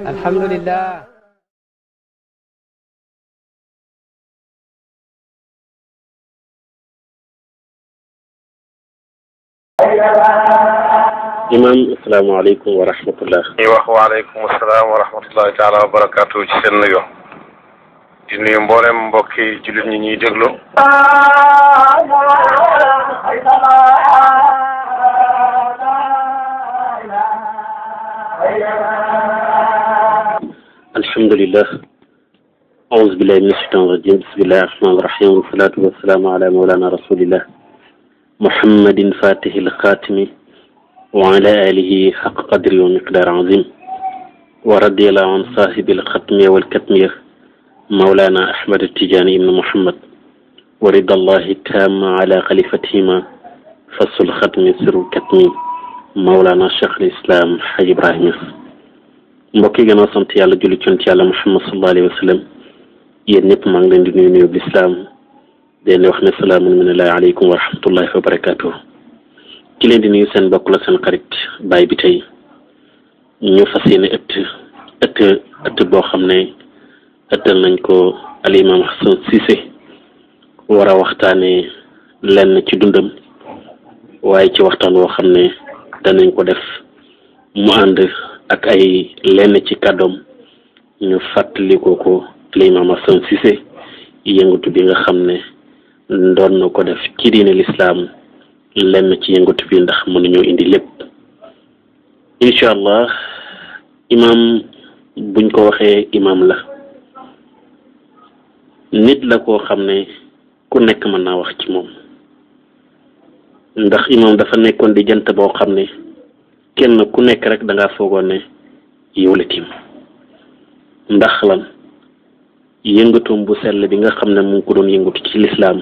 alhamdulillah imam asalaamaaleykum wa rahmatullah ñuy wax waaleykum asalaam wa rahmatullahi taala wa barakaatu ci seen nuyo di nuyu mboolem mbokki jullit ñi ñuy déglu alhamdulillah aouzu billahi mina shaytani rajim bismillahi rahmani rahim wasalatu wasalaamu ala mawlana rasulillah muhammadin fatihi alxaatimi wa ala alihi xaq qadri wa miqdaar azim wa radiallahu an saahibi alxatmiya walkatmiya mawlana ahmad tijaani ibn muhammad wa ridallahi taama ala xalifatihima fasul xatmi sirul katmi mawlana cheikh al islam xaj ibrahima mbokk yi gannaaw sant yàlla julli ci yonent yàlla muhammad sallallahu alayhi wa sallam yéen ñëpp maa ngi leen di nuyu nuyu bi lislaam den wax ne salaamun minallahi aleykum wa rahmatullahi wa barakaatuh ki leen di nuyu seen bokk la seen xarit baay bi tey ñu fas yéene ëtt ëtt ëtt boo xam ne ëttal nañ ko alimaam Hassan Cissé war a waxtaane lenn ci dundam waaye ci waxtaan woo xam ne danañ ko def mu ànd ak ay lenn ci kàddoom ñu fàttalikoo ko limaam Assane Cissé yëngatu bi nga xam ne doon na ko def ci diine lislaam lenn ci yëngatu bi ndax mënuñoo indi lépp incha allah imaam buñ ko waxee imaam la nit la koo xam ne ku nekk mën naa wax ci moom ndax imaam dafa nekkoon di jant boo xam ne kenn ku nekk rek da foogoon ne yow la tiim ndax lan yëngatoom bu sell bi nga xam ne mu ngi ko doon yëngatu ci lislaam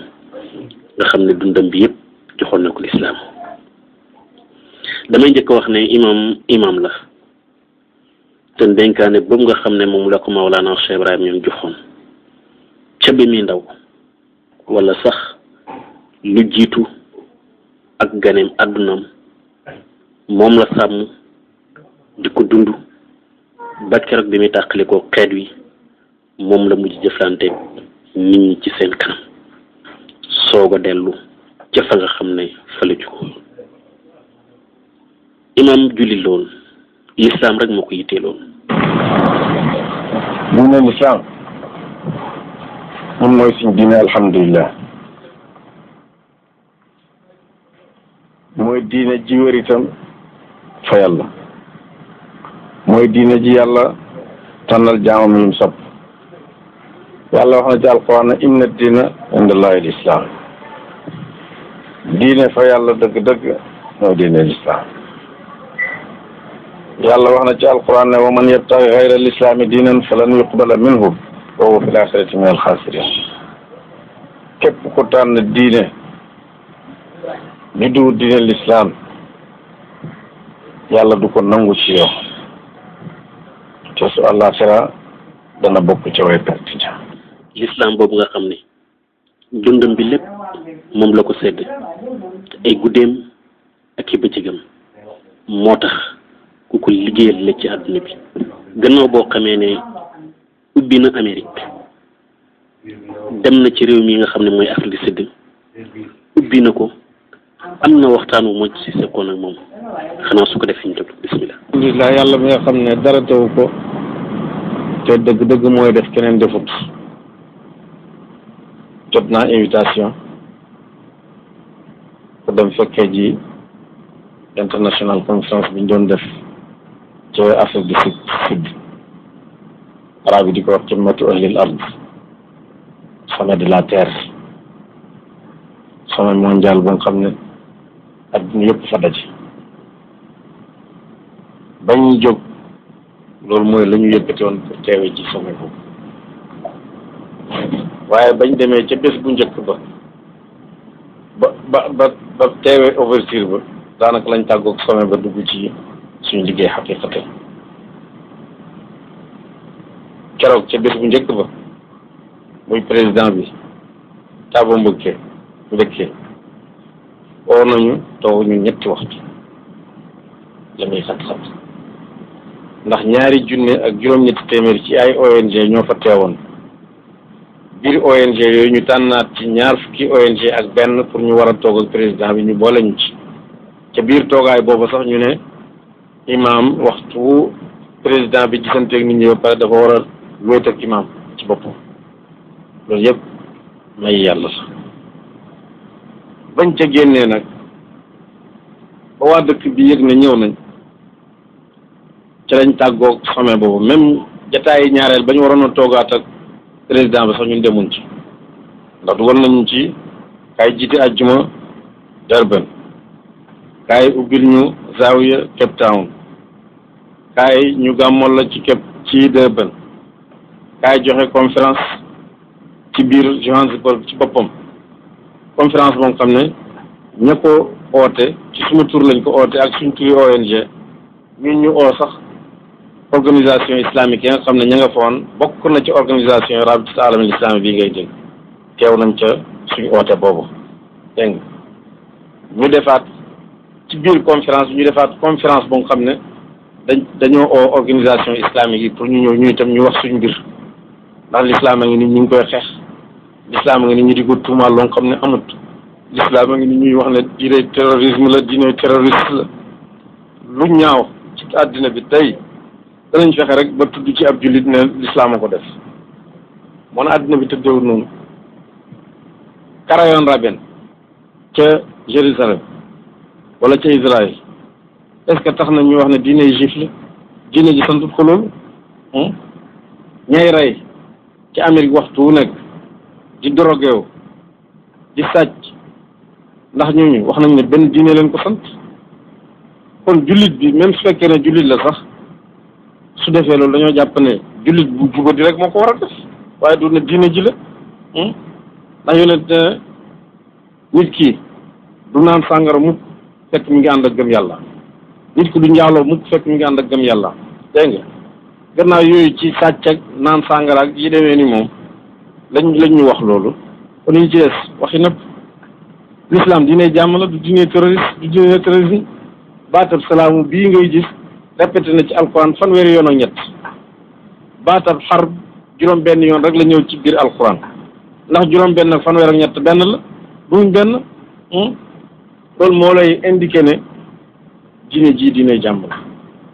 nga xam ne dundam bi yépp joxoon na ko lislaam damay njëkk wax ne imam imam la te dénkaane boobu nga xam ne moom la ko Mawlaana Cheikh Ibrahima ñoom joxoon ca bi muy ndaw walla sax lu jiitu ak ganeem àddunaam moom la sàmm di ko dund ba keroog bi muy tàqalikoo xeet wi moom la mujj jëflante nit ñi ci seen kanam soog a dellu ca nga xam ne fa ko jugóon imaam julli lool lislaam rek moo ko yittee lool diine lislaam moom mooy suñ diine alhamdulilah mooy diine ji itam fa yàlla mooy diine ji yàlla tànnal jaamam yi mu sopp yàlla wax na ci alquran ne inna diina indallahi lislaam diine fa yàlla dëgg-dëgg mooy diine lislaam yàlla wax na ci alquran ne wa man yabtaxi xayra lislaami diinan falan yuqbala minhu wa huwa fi laaxirati min alxaasirin képp ku tànn diine ju duwul diine lislaam yàlla du ko nangu ci yow te su àllaaxira dana bokk ca way perte ja lislaam boobu nga xam ne dundam bi lépp moom la ko sedd ay guddeem ak i bëccëgam moo tax ku ko liggéeyal la ci àdduna bi gannaaw boo xamee ne ubbi na Amérique dem na ci réew mi nga xam ne mooy Afrique du ubbi na ko am na waxtaan wu ma ci seqoon ak moom xanaa su ko def ñu toll bisimilah. yàlla mi nga xam ne dara teewu ko te dëgg-dëgg mooy def keneen defut jot naa invitation pour dem fekkee ji international conférence bi ñu doon def ci Afrique du Sud Sud arabe yi di ko wax ci ahlil ard sommet de la terre sommet mondial bu nga xam ne adduna yëpp fa daje. bañ ñu jóg loolu mooy la ñu yëkkati woon pour teewe ci sommet boobu waaye bañ demee ca bés bu njëkk ba ba ba ba teewe ouverture ba daanaka lañ tàggoog sommet ba dugg ci suñu liggéey xaqiqatan keroog ca bés bu njëkk ba muy président bi taaba mbëkkee mbëkkee oo nañu toog ñu ñetti waxtu la xat-xat ndax ñaari junne ak juróom-ñetti téeméer ci ay ONG ñoo fa teewoon biir ONG yooyu ñu tànnaat ci ñaar fukki ONG ak benn pour ñu war a toog ak président bi ñu boole ci ca biir toogaay boobu sax ñu ne imaam waxtu président bi gisanteeg nit ñi ba pare dafa war a wéet ak imaam ci boppam loolu yëpp may yàlla sax bañ ca génnee nag ba waa dëkk bi yëg na ñëw nañ ca lañ tàggoog xamee boobu même jataayi ñaareel ba ñu waroon a toogaat ak président bi sax ñun demuñ ci ndax dugal nañu ci kaay jiite ajjuma Durban kaay ubbil ñu Zawiya Cape Town kaay ñu gàmmool la ci Cape ci Durban kaay joxe conférence ci biir Johannesburg ci boppam conférence moom xam ne ña ko oote ci suma tur lañ ko oote ak suñ turi ONG ñun ñu oo sax organisation islamique yi nga xam ne ña nga foon bokk na ci organisation rabit alamin islami bii ngay dégg teew nañ ca suñu oote boobu dégg ñu defaat ci biir conférence bi ñu defaat conférence bu nga xam ne dañ dañoo oo organisation islamique yi pour ñu ñëw ñu itam ñu wax suñu mbir ndax lislaam a ngi ni ñu ngi koy xeex lislaam a ngi ni ñu di ko tuumaal loo xam ne amut lislaam a ngi ni ñuy wax ne diine terrorisme la diine terroriste lu ñaaw ci àddina bi tey danañ fexe rek ba tudd ci ab jullit ne lislaam ko def moo na àddina bi tëddeewul noonu Karajan Rabin ca Jérusalem wala ca Israël est-ce que tax na wax ne diine juif la diine ji santut ko loolu hmm? ñay rey ci Amérique waxtu wu nekk di dorogeew di sàcc ndax ñooñu wax nañ ne benn diine leen ko sant kon jullit bi même su fekkee ne jullit la sax su defee loolu dañoo jàpp ne jullit bu di rek moo ko war a def waaye du ne diine ji hmm? ndax yonent nit ki du naan sàngara mukk fekk mi ngi ànd ak gëm yàlla nit ki du njaaloo mukk fekk mi ngi ànd ak gëm yàlla dégg nga gannaaw yooyu ci sàcc ak naan sàngara ak yi demee ni moom lañ lañ wax loolu kon ñu ci des waxi nëpp l'islam diine jàmm la du diine terroriste du diine terrorisme baatab salaamu bii ngay gis répété na ci alquran fanweeri yoon ak ñett baatab xarb juróom-benn yoon rek la ñëw ci biir alquran ndax juróom-benn ak fanweer ñett benn la duñ benn hmm? loolu moo lay indiqué ne diine ji diine jàmm la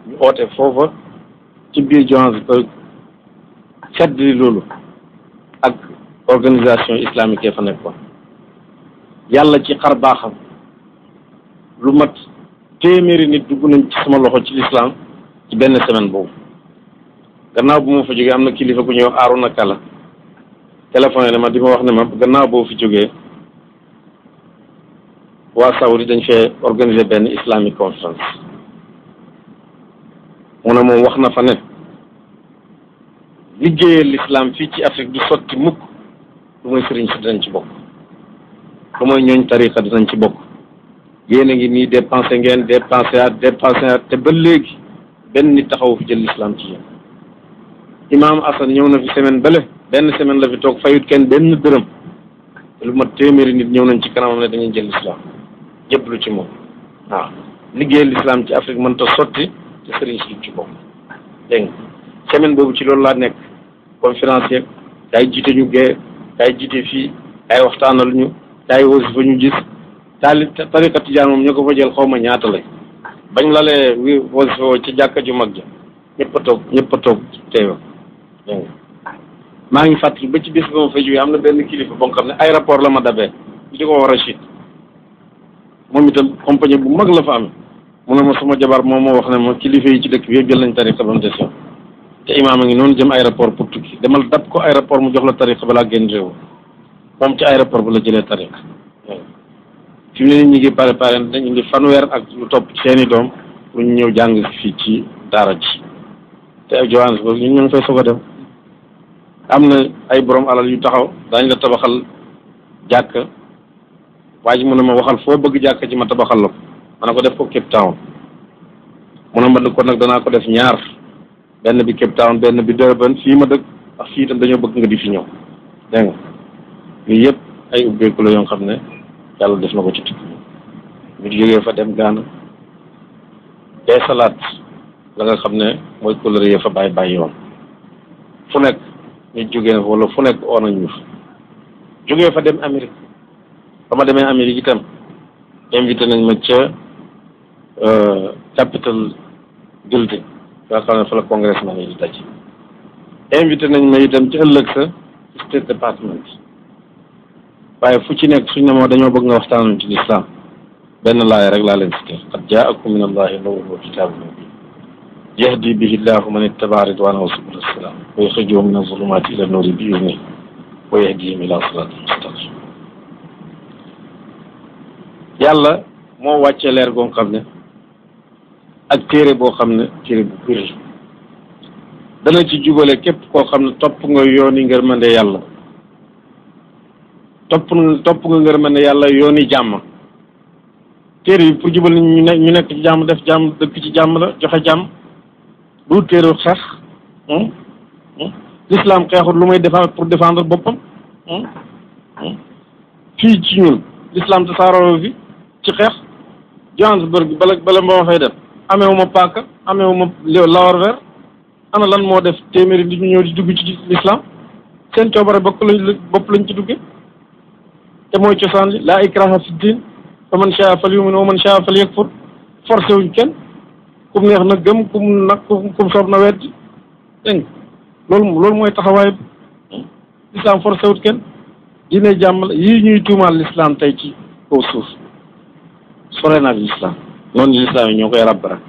ñu oote foofa ci biir Johannesburg koy fàttali loolu ak organisation islamique yi fa nekkoon yàlla ci xar baaxam lu mat. téeméeri nit dugg nañ ci sama loxo ci lislaam ci benn semaine boobu gannaaw bu ma fa jógee am na kilifa ku ñuy wax Arouna Kala téléphone ne ma di ma wax ne ma gannaaw boo fi jógee waa Saoudi dañ fee organiser benn islamic conference mu ne moom wax na fa ne liggéeyee l'islam fii ci Afrique du sotti mukk lu mooy sëriñ si dinañ ci bokk lu mooy ñooñ tariqa dinañ ci bokk yéen a ngi nii dépensé ngeen dépensé at dépensé at te ba léegi benn nit taxawu fi jël lislaam ci yéen imaam Assane ñëw na fi semaine bale benn semaine la fi toog fayut kenn benn dërëm lu mat téeméeri nit ñëw nañ ci kanamam ne dañuy jël lislaam yëpp lu ci moom waaw liggéey lislaam ci Afrique mënta sotti te sëriñ si ci bopp semaine boobu ci loolu laa nekk conférence yeeg daay jiite ñu gee daay jiite fii daay waxtaanal ñu daay wasifa ñu gis taali tariqa tijaan moom ñu ko fa jël xaw ma ñaata lañ bañ lalee wi wasifa ci jàkka ju mag ja ñëpp a toog ñëpp a toog teewa maa ngi fàttali ba ci bis ba ma fa jógee am na benn kilifa boo xam ne aéroport la ma dabee di ko war a chit moom itam compagnie bu mag la fa amee mu ne ma suma jabar moom moo wax ne ma kilifa yi ci dëkk bi yëpp jël nañ tariqa ba mu des yow te imaam a ngi noonu jëm aéroport pour tukki demal dab ko aéroport mu jox la tariqa balaa génn réew moom ci aéroport bu la jëlee tariqa ci mu ne nit ñi ngi préparé ñu ngi fanweer ak lu topp seeni doom pour ñu ñëw jàng fii ci daara ji te ak Johannesburg ñu ngi fay soog dem am na ay boroom alal yu taxaw daañu la tabaxal jàkka waa ji mu ne ma waxal foo bëgg jàkk ci ma tabaxal la ko ma ne ko def ko Cape Town mu ne ma ne ko nag danaa ko def ñaar benn bi Cape Town benn bi Durban fii ma dëkk fii itam dañoo bëgg nga di fi ñëw dégg lii yëpp ay ubbeeku la yoo xam ne. yàlla def na ko ci tukki bi ñu jógee fa dem Gaana day salaat la nga xam ne mooy couleur yi fa bàyyi bàyyi woon fu nekk ñu jógee fa wala fu nekk oo nañ ñu fa jógee fa dem Amérique bama ma demee Amérique itam invité nañ ma ca euh, capital building nga xam ne fa la congressman yi di daj invité nañ ma itam ci ëllëg sa state department waaye fu ci nekk suñ ne moo dañoo bëgg nga waxtaanoon ci lislaam benn laaya rek laa leen si teel qad jaakum min allahi nuurun wa kitaabun mubiin yahdi bihi llahu man ittabaa ridwaanahu subula salaam wa yuxrijuhum min azulumaati ila nuuri bi idnihi wa yahdihim ila siraatin mustaqim yàlla moo wàcce leer goo xam ne ak téere boo xam ne téere bu bëri dana ci jubale képp koo xam ne topp nga yooni ngërmande yàlla topp topp nga ngërëm ne yàlla yooni jàmm téere yi pour jubal ñu ñu nekk ci jàmm def jàmm dëkk ci jàmm la joxe jàmm du téere xeex hmm, hmm. l'islam xeexul lu may défendre pour défendre boppam hmm, fii ci ñun l'islam te saaroo fi ci xeex Johannesburg bala bala ba ma fay dem ameewuma paaka ameewuma lawar weer ana lan moo def téeméeri di ñu ñëw di dugg ci l'islam seen coobare bokk lañ bopp lañ ci duggee te mooy cosaan li laa ikraha fi diin fa man caa fal yumin wa man caa fal yakfur forcé wuñ kenn kum neex na gëm kum nag kum soob na weddi dégg loolu mooy taxawaay lislaam forcé wut kenn diine jàmm la yii ñuy tuumaal lislaam tey ci kaw suuf sore naag lislaam noonu lislaam yi ñoo koy rabbara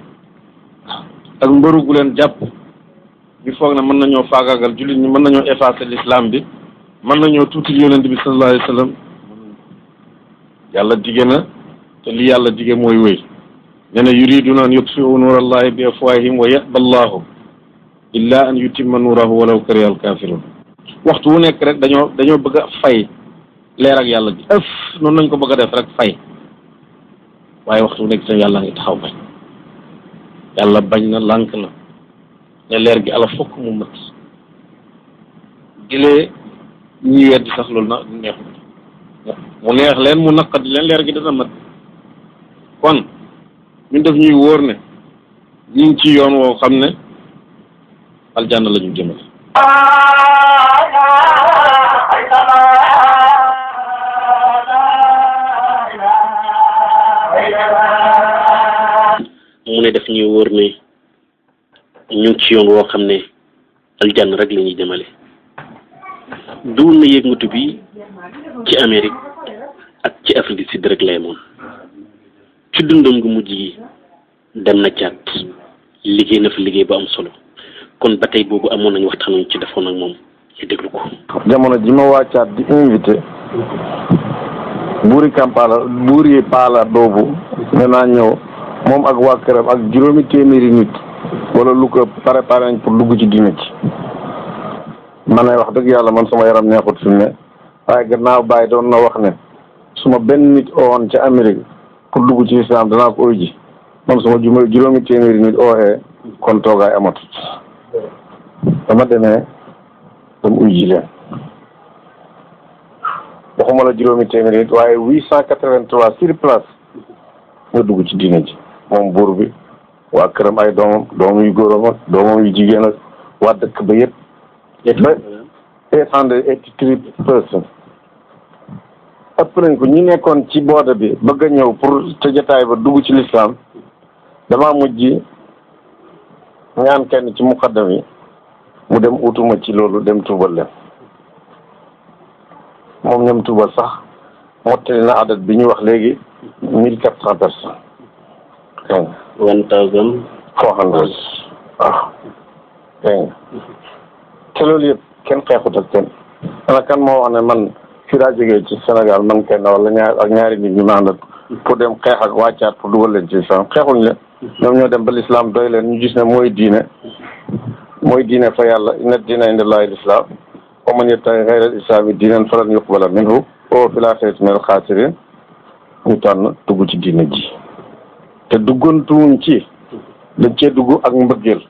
ak mbëru gu leen jàpp ñu foog ne mën nañoo faagaagal jullit ñu mën nañoo effacer lislaam bi mën nañoo tuuti yonent bi sallallahu alayhi yàlla dige na te li yàlla dige mooy wéy nee na yuriduna an yutfiu nuur allahi bi afwahihim wa yaba allahu illa an yutimma nuurahu walaw kariha alkafirun waxtu wu nekk rek dañoo dañoo bëgg a fay leer ak yàlla gi ëf noonu nañ ko bëgg a def rek fay waaye waxtu wu nekk te yàlla ngi taxaw bañ yàlla bañ na lank na ne leer gi ala fokk mu mat gilee ñi weddi sax loolu na neexul mu neex leen mu naqadi leen leer gi dana mat kon ñun def ñuy wóor ni ñu ngi ci yoon woo xam ne aljanna la ñu jëmale mu ne daf ñuy wóor ñu ngi ci yoon woo xam ne aljanna rek la ñuy jëmale duwul na yéeg moto bi ci Amérique ak ci Afrique ci Sud rek lay moom ci dundam gu mujj yi dem na caat liggéey na fa liggéey ba am solo kon ba tey boobu amoon nañu waxtaan ci defoon ak moom ñu ko. jamono ji ma waa caat di invité buuri Kampala buuri Paala boobu nee naa ñëw moom ak waa këram ak juróomi téeméeri nit wala lu ko préparé nañ pour dugg ci dina ci. man ne wax dëgg yàlla man sama yaram neexut fi mu ne waaye gannaaw bàyyi doon na wax ne suma benn nit oowoon ca Amérique pour dugg ci islam danaa ko uy ji man su juróomi téeméeri nit ooxee kon toogaay amatut dama demee dama uy ji leen la juróomi téeméeri nit waaye huit cent quatre-vingt-trois sur place dugg ci diine ji moom buur bi waa këram ay doomam doomam yu góoram ak doomam yu jigéen waa dëkk ba yëpp eight hundred eighty three person ëpp nañ ko ñi nekkoon ci booda bi bëgg a ñëw pour ca jotaay ba dugg ci lislaam damaa mujj ñaan kenn ci muqaddam yi mu dem utuma ci loolu dem tuubal leen moom ñoom tuubal sax mottali na adat bi ñu wax léegi mille quatre cent personnes four hundred waaw te loolu kenn xeexut ak kenn moo wax ne man fii daa jógee ci Sénégal man kenn wala ñaar ak ñaari nit ñu ma àndal pour dem xeex ak wàccaat pour dugal leen ci islam xeexuñ leen ñoom ñoo dem ba lislaam doy leen ñu gis ne mooy diine mooy diine fa yàlla inna a indallaahi lislaam wa man yattaxi xayral islaami diinan falan yuqbala minhu wa huwa fil aaxirati minal xaasiriin ñu tànn dugg ci diine ji te duggantuwuñ ci dañ cee dugg ak mbëggeel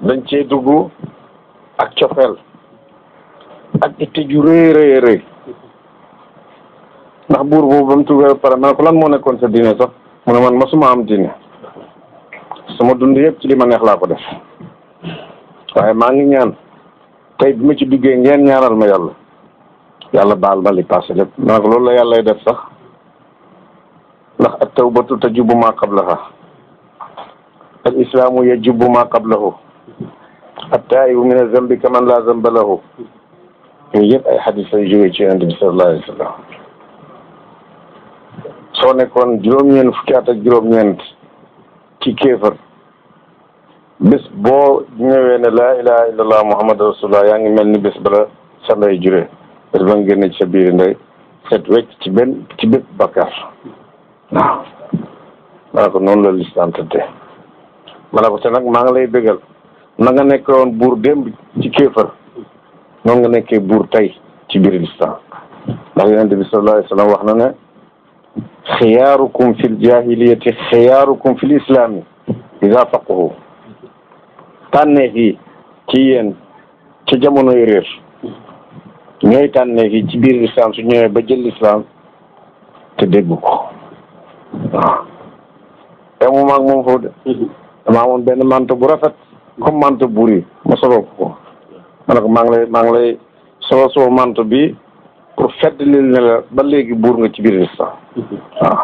dañ cee dugg ak cofeel ak itte ju rëy rëy rëy ndax buur boobu ba mu tugal pare ma ne ko lan moo nekkoon sa diine sax mu ne man masuma am diine sama dund yëpp ci li ma neex laa ko def waaye maa ngi ñaan tey bi ma ci duggee ngeen ñaanal ma yàlla yàlla baal ma li passé lépp ma loolu la yàllay def sax ndax at tawbatu tajubu ma qablaha al islaamu yajubu ma qablahu attaa'ibu mina zambi kaman laa zamba lahu yooyu yëpp ay xadis lay jógee nekkoon juróom-ñeent at ak juróom-ñeent ci kéefar boo ñëwee ne la ilaha illallah muhammad rasulullah yaa ngi mel ni bés bala sa ndey juree bés ba nga génne biir ndey set ci benn maa ko noonu la lislaam tëddee ma ko te nag maa ngi lay bégal na nga nekkee woon buur démb ci kéefër noonu nga nekkee buur tey ci biir lislaam ndax yonente bi sallallahu alayhi wax na ne xiyaarukum fil jahiliyati xiyaarukum fil islaami iza faqahu tànneef yi ci yéen ca jamonoy réer ñooy tànneef yi ci biir lislaam su ñëwee ba jël lislaam te déggu ko waaw mu maag moom foofu de mm-hmm. damaa benn manta bu rafet comme manteau buur yi ma soloo ko ko ma ko maa ngi lay maa ngi lay solo solo manteau bi pour fedd lil ne la ba léegi buur nga ci biir lislaam waaw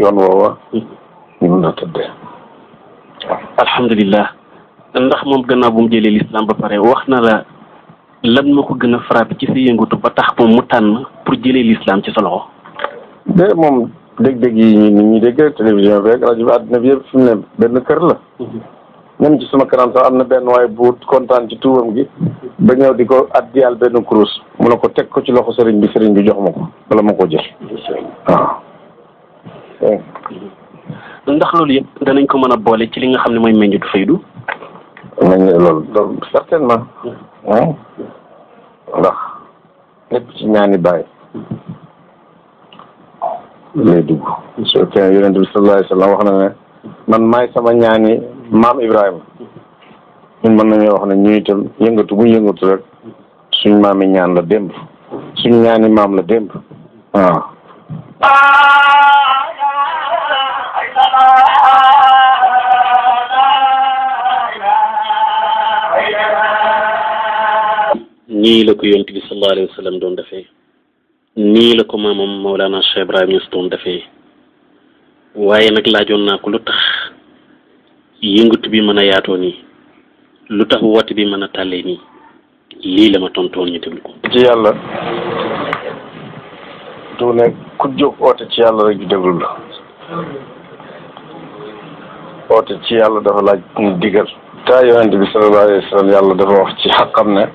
yoon woowa ñu mën a tëddee ndax moom gannaaw bu mu jëlee lislaam ba pare wax na la lan moo ko gën a frappé ci sa yëngatu ba tax moom mu tànn pour jëlee lislaam ci sa loxo de moom dégg-dégg yi ñu ñuy dégg rek télévision bi rek bi àddina bi yëpp fi mu ne benn kër la même ci sama kanam sax am na benn waaye bu kontaan ci tuubam gi ba ñëw di ko addiyal benn kurus mu ne ko teg ko ci loxo sëriñ bi sëriñ bi jox ma ko bala ma ko jël ndax loolu yëpp danañ ko mën a boole ci li nga xam ne mooy meññitu faydu meññ loolu loolu certainement hmm. ndax lépp ci ñaani bàyyi lay dugg soo te yonente bi sallallahu alayhi wa wax na ne man maay sama ñaani maam Ibrahima ñun mën nañoo wax na ñu itam yëngatu bu yëngatu rek suñ maami ñaan la démb suñ ñaani maam la démb waaw nii la ko yonent bi sallallahu alayhi doon defee nii la ko maamam Maulana Cheikh Ibrahim Niass doon defee waaye nag laajoon naa ko lu tax yëngatu bi mën a yaatoo nii lu tax woote bi mën a tàllee nii lii la ma tontoon ñu déglu ko. ci yàlla du ne ku jóg oote ci yàlla rek ñu la oote ci yàlla dafa laaj ñu taa yonent bi sallallahu alayhi wa sallam yàlla dafa wax ci xaqam ne.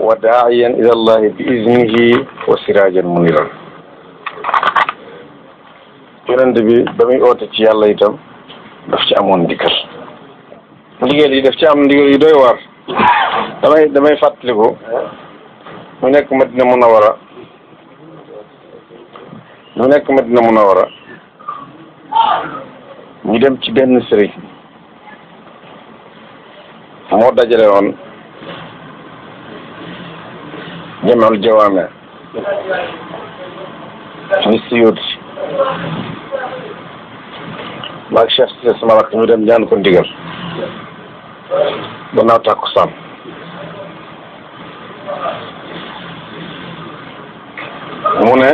wa daa'iyan ila allahi bi iznihi wa siraajan muniran yonent bi ba muy oote ci yàlla itam daf ci amoon ndigal ndigal yi daf ci am ndigal yi doy waar damay damay fàttaliku mu nekk dina Madina Munawara mu nekk dina Madina Munawara ñu dem ci benn sëriñ moo dajale woon جمع الجوامع في السيوطي maag chef si sama rakk dem ñaan ko ndigal ba naaw tàkkusaan mu ne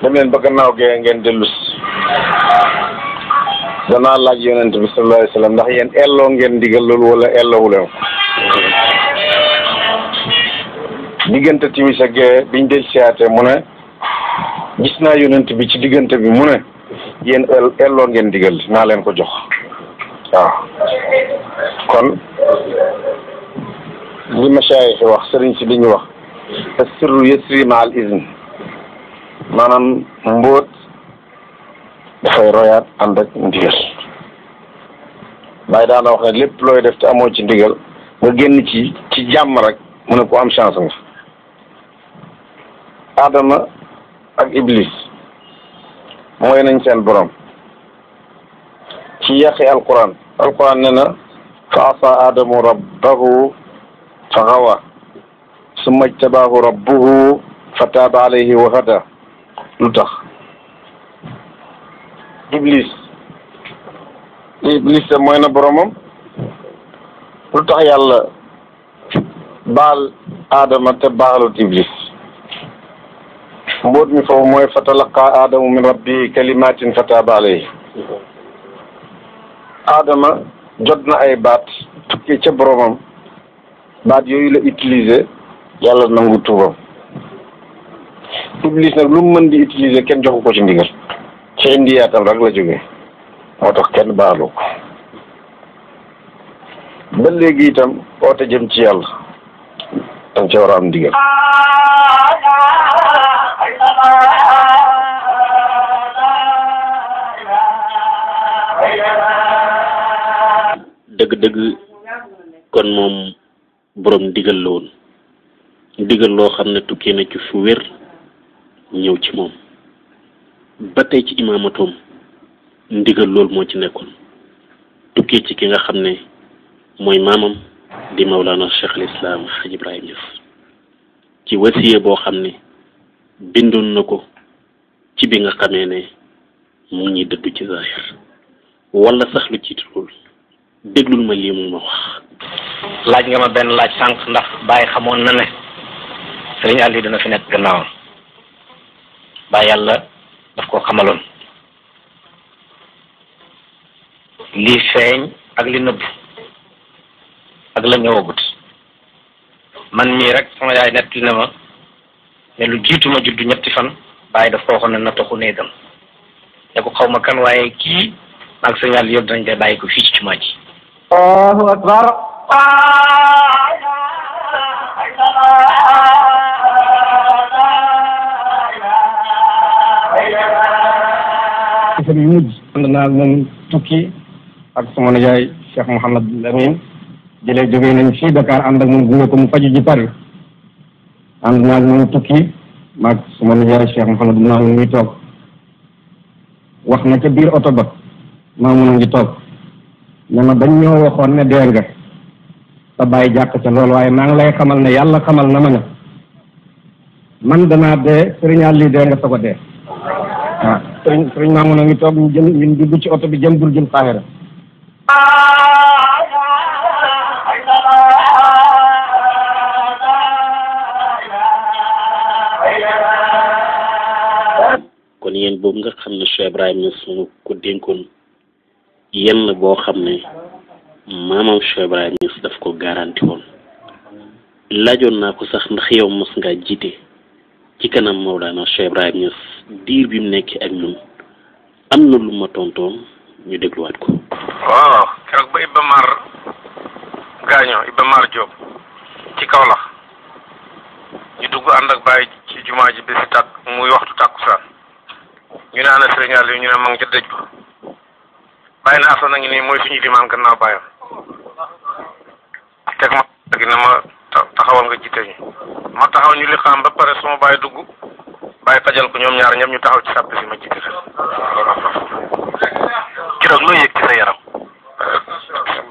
dem leen ba gannaaw gee ngeen dellu si danaa laaj yonent bi sallallahu alayhi wa ndax yéen elloo ngeen ndigal loolu wala elloowu diggante timis ak bi ñu del siyaate mu ne gis naa yonent bi ci diggante bi mu ne yéen elloo ngeen digal naa leen ko jox waaw kon li masaayix wax sëriñ si li ñu wax assirru yasri ma al izn maanaam mbóot dafay royaat ànd ak ndigal bàyyi daana wax ne lépp looy def te amoo ci ndigal nga génn ci ci jàmm rek mu ne ko am chance nga Adama ak Iblis mooy nañ seen borom ci yàqi alquran alquran ne na fa asa aadamu rabbahu fa gawa summa jtabaahu rabbuhu fa taaba alayhi wa hada lu tax Iblis Iblis te mooy na boromam lu tax yàlla baal Adama te baalut Iblis mbóot mi foofu mooy fa talaqa aadamu min rabbi kalimatin fataaba alayhi aadama jot na ay baat tukki ca boromam baat yooyu la utiliser yàlla nangu tuubam iblis nag lu mu mën di utiliser kenn joxu ko ci ndigal ci indiyaatam rek la jóge moo tax kenn baalu ko ba léegi itam oote jëm ci yàlla danga ca war a am ndigal dëgg-dëgg kon moom boroom diggal la woon ndigal loo xam ne tukkee na ci fu wér ñëw ci moom ba tey ci imaamatoom ndigal loolu moo ci nekkoon tukkee ci ki nga xam ne mooy maamam di Mawlana Cheikh al Islam Hadj Ibrahim Niass ci wasiye boo xam ne bindoon na ko ci bi nga xamee ne mu ngi dëddu ci zaahir wala sax lu ci loolu déglul ma lii mu ma wax laaj nga ma benn laaj sànq ndax bàyyi xamoon na ne sëriñ yi dina fi nekk gannaawam ba yàlla daf koo xamaloon li feeñ ak li nëbb ak la ñëwagut man mii rek sama yaay nettali na ma ne lu jiitu ma juddu ñetti fan bàyyi daf ko waxoon ne na taxu nee dem ne ko kan waaye kii maag sëriñ Aliou danañ koy bàyyi ko fii ci jumaa ji الله أكبر sëñ bi mujj ànd naa moom tukki ak sama nijaay Cheikh Mouhamad Lamine jëlee jógee nañ fii Dakar ànd ak moom gunge ko mu faju ji Paris ànd naa moom tukki maag sama nijaay Cheikh Mouhamad Lamine mi toog wax na ca biir oto ba maa mun a ngi toog ne ma dañ ñoo waxoon na dee nga sa bàyyi jàpp ca loolu waaye maa lay xamal ne yàlla xamal na ma ne man danaa dee sëriñ Aliou dee nga sa ko dee waaw sëriñ ngi toog ñu jëm ñu dugg ci oto bi jëm Burjul Qahira kon yéen boobu nga xam ne Cheikh Ibrahima Niass mu ko dénkoon yenn boo xam ne maamam Cheikh Ibrahima Niass daf ko garanti woon laajoon naa ko sax ndax yow mos ngaa jiite ci kanam Mawlana Cheikh Ibrahima Niass diir bi mu nekk ak ñun am na lu ma tontoon ñu dégluwaat ko. waaw keroog ba Iba Mar gaañoo Iba Mar Diop ci kaw ñu dugg ànd ak bàyyi ci jumaa ji bi si muy waxtu tàkkusaan ñu ne ana Serigne Aliou ñu ne ma ngi dëj ba. bàyyi na asoon nañu nii mooy suñu limaam gannaaw bàyyam teg ma gi ne ma taxawal nga jiite ñu ma taxaw ñu liqaam ba pare suma bàyyi dugg bàyyi fajal ko ñoom ñaar ñëpp ñu taxaw ci sàpp si ma jiite leen keroog loo yëg ci sa yaram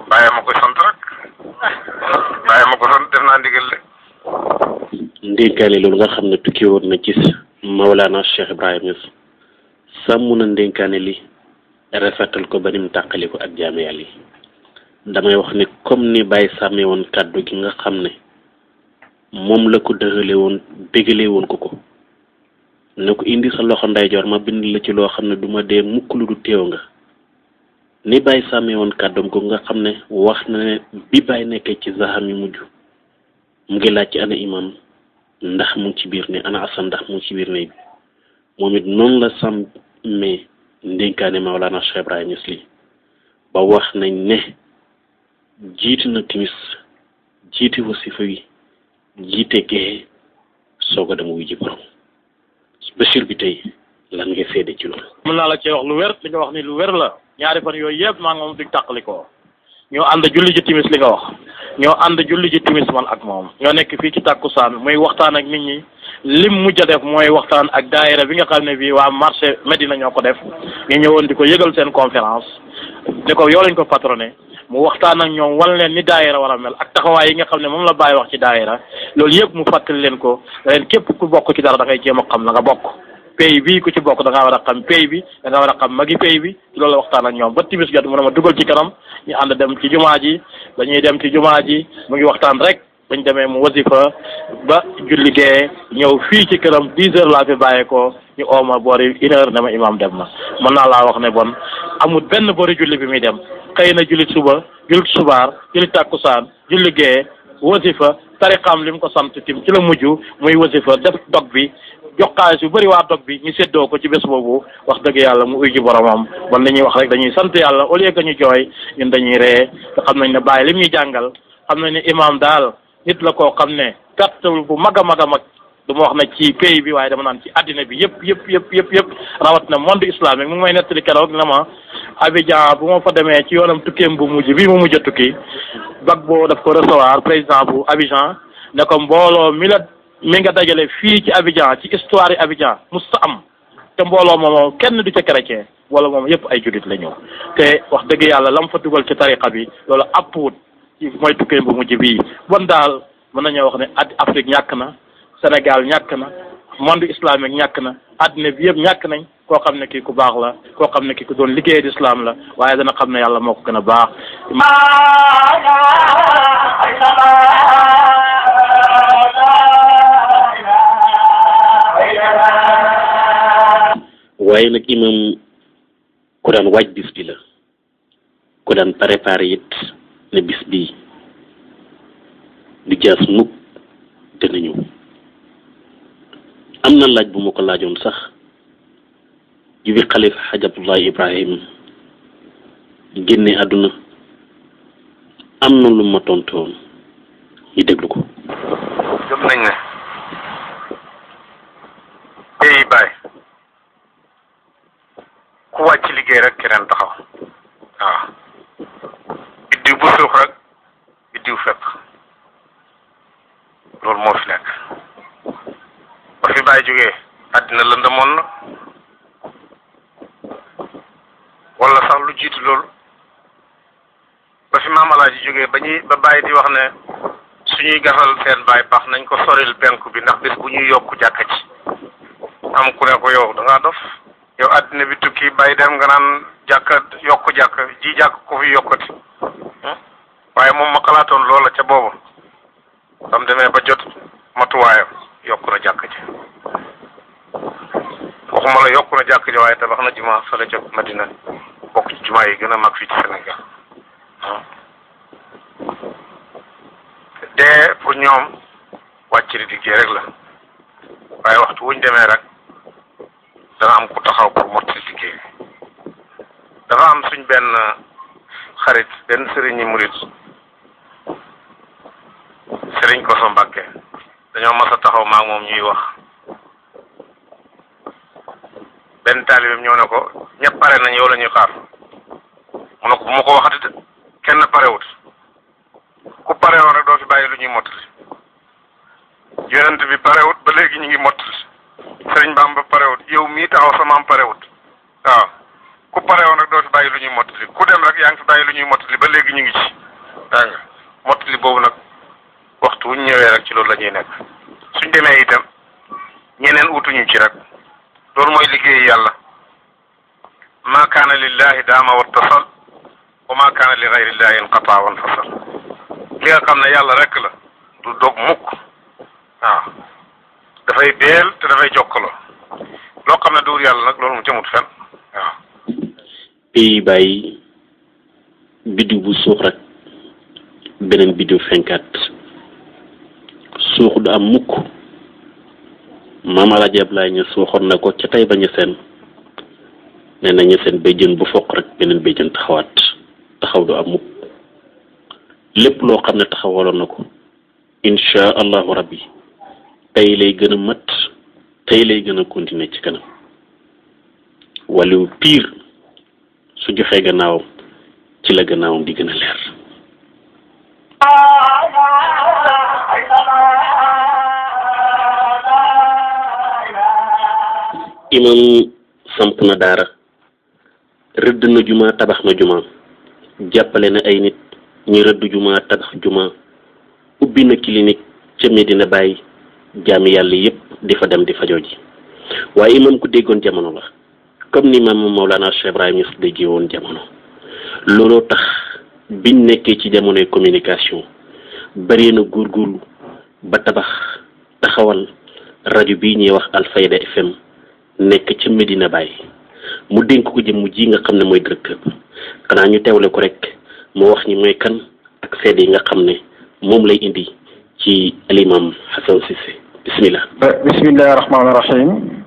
bàyyi ma ko sant rek bàyyi ma ko sant def naa ndigal de ndénkaane loolu nga xam ne tukki woon na gis Mawlana Cheikh Ibrahima Niass sàmm na ndénkaane li rafetal ko ba ni mu tàqali ko ak jaame yàlla yi damay wax ni comme ni Baye sàmmee woon kàddu gi nga xam ne moom la ko dëxale woon bégalee woon ko ko ne ko indi sa loxo ndeyjoor ma bind la ci loo xam ne duma ma dee mukk lu du teew nga ni Baye sàmmee woon kàddoom ko nga xam ne wax na ne bi Baye nekkee ci zaham yu mujj mu ngi laaj ci ana imam ndax mu ngi ci biir ne ana asan ndax mu ci biir ne moom it noonu la sàmmee ndénkaane Maolana Cheikh Ibrahima Niass li ba wax nañ ne jiit na timis jiiti wasifa wi jiite gee soo ko dem wu ji borom Bachir tey lan nga seede ci loolu. mën naa la cee wax lu wér li nga wax ni lu wer la ñaari fan yooyu yëpp maa ngi moom duñ tàqali ko ñoo ànd julli ji timis li nga wax. ñoo ànd julli ji timis man ak moom ñoo nekk fii ci tàkku tàkkusaan muy waxtaan ak nit ñi lim mujj a def mooy waxtaan ak daayira bi nga xam ne bii waa marché Medina nañoo ko def ñu ñëwoon di ko yëgal seen conférence ne ko yow lañ ko patronné mu waxtaan ak ñoom wan leen ni daayira war a mel ak taxawaay yi nga xam ne moom la bàyyi wax ci daayira loolu yëpp mu fàttali leen ko leen képp ku bokk ci dara da ngay jéem a xam la nga bokk pay bi ku ci bokk da war a xam pay bi da ngaa war a xam magi pay bi ci loolu waxtaan ak ñoom ba timis jot mu ne ma dugal ci kanam ñu ànd dem ci jumaa ji ba ñuy dem ci jumaa ji mu ngi waxtaan rek ba julli gee ñëw fii ci këram dix heures laa fi bàyyeekoo ñu ooma boori une heure dama imaam dem na mën naa laa wax ne bon amul benn boori julli bi muy dem xëy na julli suba julli subaar julli tàkkusaan julli gee wasifa tariqaam li mu ko sant tim ci la mujj muy wasifa def dog bi jox xaalis yu bëri waa dog bi ñu séddoo ko ci bés boobu wax dëgg yàlla mu uy ji boromam bon li ñuy wax rek dañuy sant yàlla au lieu que ñu jooy ñun dañuy ree te xam nañ ne bàyyi lim ñu jàngal xam nañ ne imaam daal nit la koo xam ne pertewul bu mag a mag a mag du ma wax na ci pays bi waaye dama naan ci àddina bi yëpp yëpp yëpp rawat na monde islamique mu may nettali keroog na ma Abidjan bu ma fa demee ci yoonam tukkeem bu mujj bi mu mujj a tukki Gbagbo daf ko recevoir président bu Abidjan ne ko mi nga dajale fii ci Abidjan ci histoire yi Abidjan musta am te mbooloo moom kenn du ca chrétien wala moom yëpp ay julit la ñëw te wax dëgg yàlla lam fa dugal ci tariqa bi loolu àpp wut mooy tukkee bu mujj bii bon daal mën nañoo wax ne at Afrique ñàkk na Sénégal ñàkk na monde islamique ñàkk na àddina bi yëpp ñàkk nañ koo xam ne kii ku baax la koo xam ne kii ku doon liggéey di islam la waaye dana xam ne yàlla moo ko gën a baax. waaye nag imam ku daan waaj bis bi la ku daan préparé it ne bis bi di jaas mukk dana ñëw am na laaj bu ma ko laajoon sax ji bi xalifa xajatullahi ibrahim génne àdduna am na lu ma tontoon ñu déglu ko ku wàcc liggéey rek keneen taxaw waaw biddiw bu suux rek biddiw fépp loolu moo fi nekk ba fi bàyyi jógee àddina lëndëmoon na sax lu jiitu loolu ba fi maam Alaaji jógee ba ñuy ba bàyyi di wax ne suñuy gasal seen baay baax nañ ko soril penku bi ndax bés bu ñuy yokk jàkka ci am ku ne ko yow da dof yow àddina bi tu tukki bàyyi dem nga naan jàkk yokk jàkk ji jàkk ku fi yokkati hmm? waaye moom ma xalaatoon loola ca boobu sam demee ba jot matuwaayam yokk na jàkk ji waxuma la yokk na jàkk ji waaye tabax na jumaa fële ca Madina bokk ci jumaa yi gën a mag fii ci Sénégal dee hmm? pour ñoom wàcc di liggéey rek la waaye waxtu wuñ demee rek dana am ku taxaw pour mottali liggéey dafa am suñ benn xarit benn sëriñ yi murit sëriñ ko sa mbàkke dañoo mas a taxaw maak moom ñuy wax benn taalibeem ñoo ne ko ñëpp pare nañ yow la ñuy xaar mu ne ko ko waxati kenn parewut ku parewoon rek doo fi bàyyi lu ñuy mottali yonent bi parewut ba léegi ñu ngi mottali sëriñ Bamba parewut yow mii taxaw sa maam parewut waaw ku parew nag doo fi bàyyi lu ñuy mottali ku dem rek yaa ngi fi bàyyi lu ñuy mottali ba léegi ñu ngi ci dégg nga mottali boobu nag waxtu wuñ ñëwee rek ci loolu la ñuy nekk suñ demee itam ñeneen utuñu ci rek loolu mooy liggéey yàlla ma kaana lillahi daama wattasal wa ma kaana li gayrillahi inqataa wanfasal li nga xam ne yàlla rek la du dog mukk waaw dafay deel te dafay jokkaloo loo xam ne duur yàlla nag loolu mu jëmut fenn waaw bàyyi biddiw bu suux rek beneen biddiw fenkaat suux du am mukk maam Alaaji Ablaay ñu suuxoon na ko ca tey ba ñu seen nee na ñu seen béjjën bu foq rek beneen béjjën taxawaat taxaw du am mukk lépp loo xam ne taxawaloon na ko insha allahu rabbi tey lay gën a mat tey lay gën a continuer ci kanam waliwu pire su joxee gannaawam ci la gannaawam di gën a leer imam samp na daara rëdd na juma tabax na juma jàppale na ay nit ñu rëdd juma tabax juma ubbi na clinique ca Medina bàyyi jaami yàlla yëpp di fa dem di fajoo ji waaye imam ku déggoon jamono la comme ni maam Maulana Cheikh Ibrahima Niass déggee woon jamono looloo tax biñ nekkee ci jamonoy communication bari na góorgóorlu ba tabax taxawal rajo bi ñuy wax Alfayda FM nekk ca Medina bàyyi mu dénk ko jëmm ji nga xam ne mooy directeur ñu teewle ko rek mu wax ñi mooy yi nga xam ne moom lay indi. ci alimam Xasan Cissé bismillah bismillahi rahim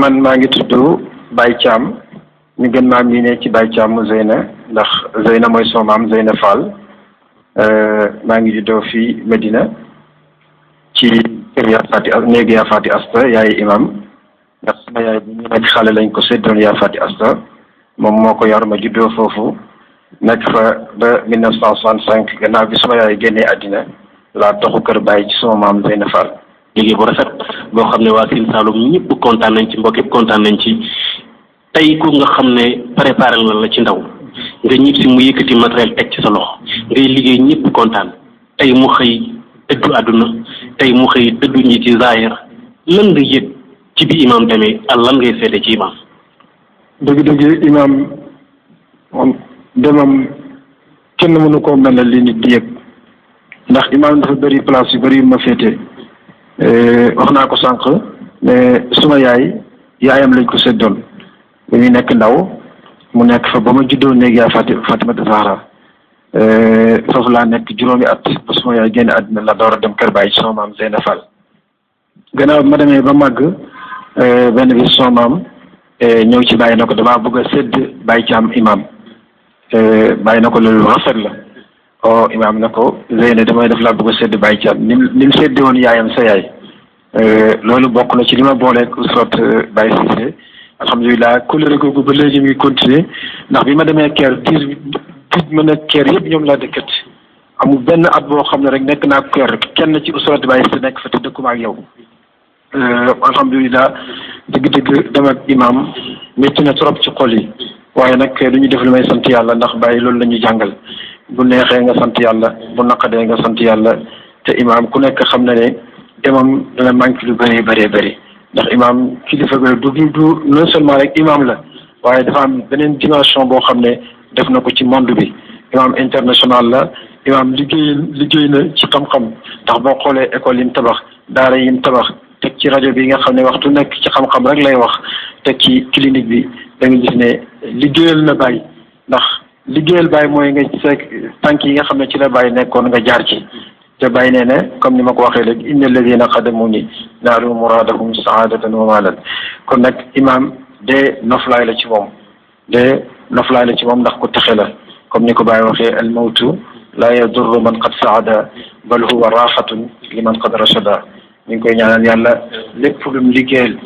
man maa ngi tudd Baye Thiam ñu gën maam ñi ne ci Baye Thiam mu Zeyna ndax Zeyna mooy soo maam Zeyna Fall euh, maa ngi juddoo fii Medina ci kër yaa Fati imam ndax sama yaay bu ñu nekk xale lañ ko séddoon yaa Fati Asta moom moo ko yar ma juddoo foofu nekk fa ba mille cent cinq gannaaw bi sama yaay génnee àddina laa toxu kër bàyyi ci sama maam Zeyna Fall liggéey bu rafet boo xam ne waa Sine Saalum ñëpp kontaan nañ ci mbokk yëpp kontaan nañ ci tey ku nga xam ne préparé na la ci ndaw nga ñib si mu yëkkati matériel teg ci sa loxo ngay liggéey ñëpp kontaan tey mu xëy dëddu àdduna tey mu xëy dëddu ñi ci zaahir lan nga yëg ci bi imaam demee ak lan ngay seete ci imaam dëgg-dëgg imaam demam kenn mënu koo mel li nit yëg ndax imaam dafa bëri place yu bëri ma féete eh, wax naa ko sànq mais suma yaay yaayam lañ ko seddoon bu ñu nekk ndaw mu nekk fa ba ma juddoo néeg yaay Fati Fatimata Zahra eh, foofu laa nekk juróomi at ba suma yaay génn àddina la door a dem bàyyi ci sama maam Zeyna ma demee ba màgg eh, benn bi sama maam ñëw ci bàyyi na ko damaa bëgg a sédd bàyyi ci am imaam bàyyi na ko loolu rafet la o oh, imaam na ko léegi damay def laa bëgg sedd sédd bàyyi caat ni ni mu séddi woon yaayam sa yaay euh, loolu bokk na ci li ma booleeg usrat Baye Cissé alhamdulilah kulere googu ba léegi mi continuer ndax bi ma demee keer dix dix mën a ker yëpp ñoom laa dëkkat amul benn at boo xam ne rek nekk naa keer kenn ci usrat Baye Cissé nekk fa te dëkkuma ak yow euh, alhamdulilah dëgg-dëgg dem ak imaam métti na trop ci xol yi waaye nag lu ñu def lu may sant yàlla ndax bàyyi loolu la ñu jàngal bu neexee nga sant yàlla bu naqadee nga sant yàlla te imaam ku nekk xam na ne demam dana manque lu bëree bëree bëri ndax imaam kilifa ga du du du non seulement rek imaam la waaye dafa am beneen dimension boo xam ne def na ko ci monde bi imaam international la imaam liggéey liggéey na ci xam-xam ndax boo xoolee école yi tabax daara yi tabax teg ci rajo bi nga xam ne waxtu nekk ci xam-xam rek lay wax teg ci clinique bi da nga gis ne liggéeyal na bàyyi liggéeyal bàyyi mooy nga seeg tànk yi nga xam ne ci la bàyyi nekkoon nga jaar ci te bàyyi nee ne comme ni ma ko waxee léegi inna alladina xadamu ni naalu muraadahum saadatan wa maalan kon nag imaam de noflaay la ci moom de noflaay la ci moom ndax ko texe la comme ni ko bàyyi waxee al mawtu laa yadurru man qad saada bal huwa raaxatun li man qad rachada ñu ngi koy ñaanal yàlla lépp lu mu liggéeyal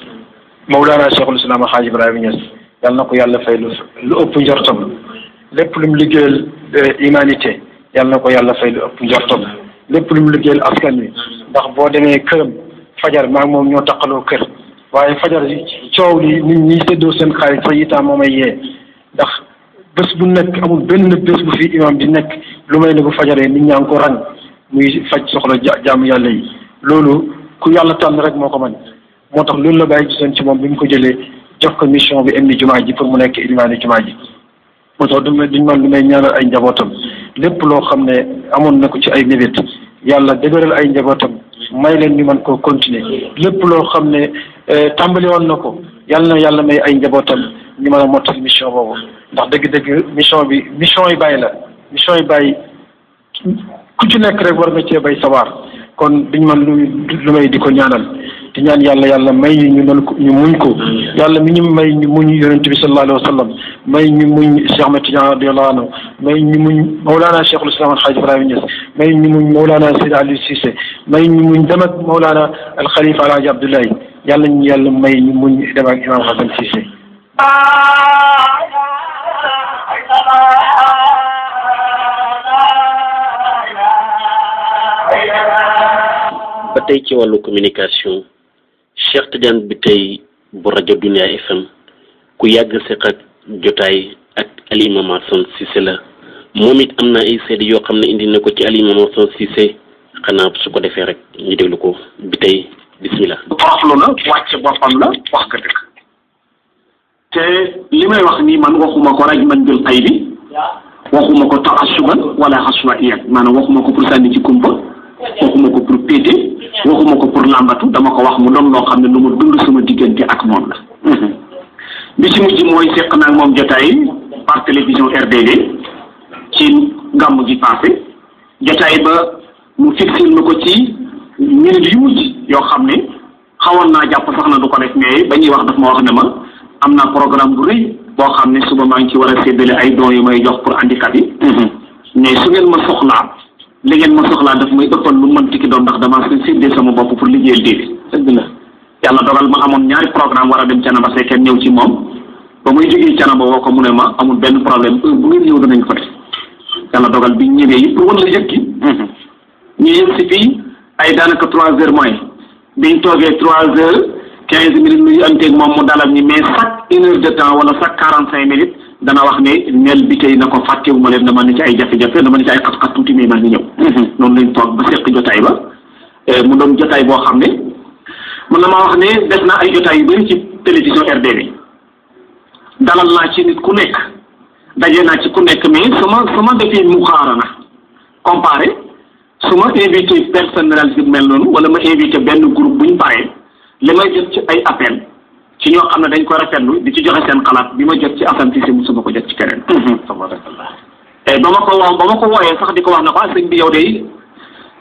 Mawlaana Cheikhul Islaam Xaaj Ibrahima Ñas yàlla na ko yàlla fay lu lu ëpp njortam lépp lu mu liggéeyal euh, humanité yal na ko yàlla fay lu ëpp njortam lépp lu mu liggéeyal askan wi ndax boo demee këram fajar maa moom ñoo taqaloo kër waaye fajar coow li nit ñi séddoo seen xaalis sa yitaa moomay yee ndax bés bu nekk amul benn bés bu fi imam di nekk lu may ne bu fajaree nit ñaa ngi ko rang muy faj soxla jaamu yàlla yi loolu ku yàlla tànn rek moo ko man moo tax loolu la bàyyi gisoon ci moom bi mu ko jëlee jox ko mission bi indi jumaa ji mu nekk ilimaani jumaa ji moo tax du ma duñ man lu may ñaanal ay njabootam lépp loo xam ne amoon na ko ci ay mébét yàlla dëgëral ay njabootam may leen ñu man koo continuer lépp loo xam ne euh, tàmbali woon na ko yàlla na yàlla may ay njabootam ñu mën a mottal mission boobu ndax dëgg-dëgg mission bi mission yi bàyyi la mission yi bàyyi ku ci nekk rek war nga cee bay sawaar kon duñ man lu may di ko ñaanal ci ñaan yàlla yàlla may ñu ñu ko muñ ko yàlla mi ñu may ñu muñ yonent bi sallallahu alayhi wa may ñu muñ Cheikh Ahmed Tidiane radiyallahu anhu may ñu muñ Mawlana Cheikhul Islam Al Hadj Ibrahima ñu muñ Mawlana Seydi Aliou Cissé may ñu muñ dem ak Mawlana Al Khalifa Al Hadj yàlla ñu yàlla may ñu muñ dem ak Imam Hassan Cissé. ba ci wàllu communication Cheikh Tidiane bi tey bu rajo Dunia FM ku yàgg seq ak jotaay ak Alioune Mansour Cissé la moom it am na ay seede yoo xam ne indi na ko ci Alioune Mansour Cissé xanaa su ko defee rek ñu déglu ko bi tey bismillah. toroxlu la wàcce boppam la wax nga dëkk te li may wax nii man waxuma ko rek man jël ay bi waxuma ko taxasuban wala xasuwa iyan maanaam waxuma ko pour sànni ci kumpa. waxuma ko pour péete waxuma ko pour làmbatu dama ko wax mu doon loo xam ne lu ma dund sama diggante ak moom la bi ci mujj mooy seq naag moom jotaay par télévision RDD ci gàmm gi passé jotaay ba mu fixil na ko ci minute yu mujj yoo xam ne xawoon naa jàpp sax na du ko def mais ba ñuy wax daf ma wax ne ma am naa programme bu rëy boo xam ne suba maa ngi ci war a séddale ay dons yu may jox pour handicap yi mhm. mais su ngeen ma soxlaa li ngeen ma soxlaa daf may ëppal lu mën ci ki doon ndax damaa si séddee sama bopp pour liggéeyal diine dëgg la yàlla dogal ma amoon ñaari programme war a dem canaba see kenn ñëw ci moom ba muy jógee canaba woo ko mu ne ma amul benn problème heure bu ngeen ñëw danañ ko def yàlla dogal bi ñëwee yi pour wan la yëg gi mhm. ñu yëg si fii ay daanaka trois heures moins biñ toogee trois heures quinze minutes nuyu anteeg moom mu dalal ñi mais chaque une heure de quarante dana wax ne neel bi tey na ko fàttewu ma leen dama ne ci ay jafe-jafe dama ne ci ay xat-xat tuuti mais maa ngi ñëw. Mhm. noonu lañ toog ba seq jotaay ba euh, mu doon jotaay boo xam ne man la maa wax ne def naa ay jotaay yu bëri ci télévision RDV dalal naa ci ku nekk daje naa ci ku nekk mais su ma su ma xaara na comparé su ma invité personnalité mel noonu wala ma invité benn groupe bu ñu paree li may jot ci ay appel ci ñoo xam ne dañ ko rafetlu di ci joxe seen xalaat bi ma jot ci afam ci si ko jot ci keneen mhm. tabarakallah tey ba ma ko woo ba ma ko wooyee sax di ko wax ne ko ah sëñ bi yow de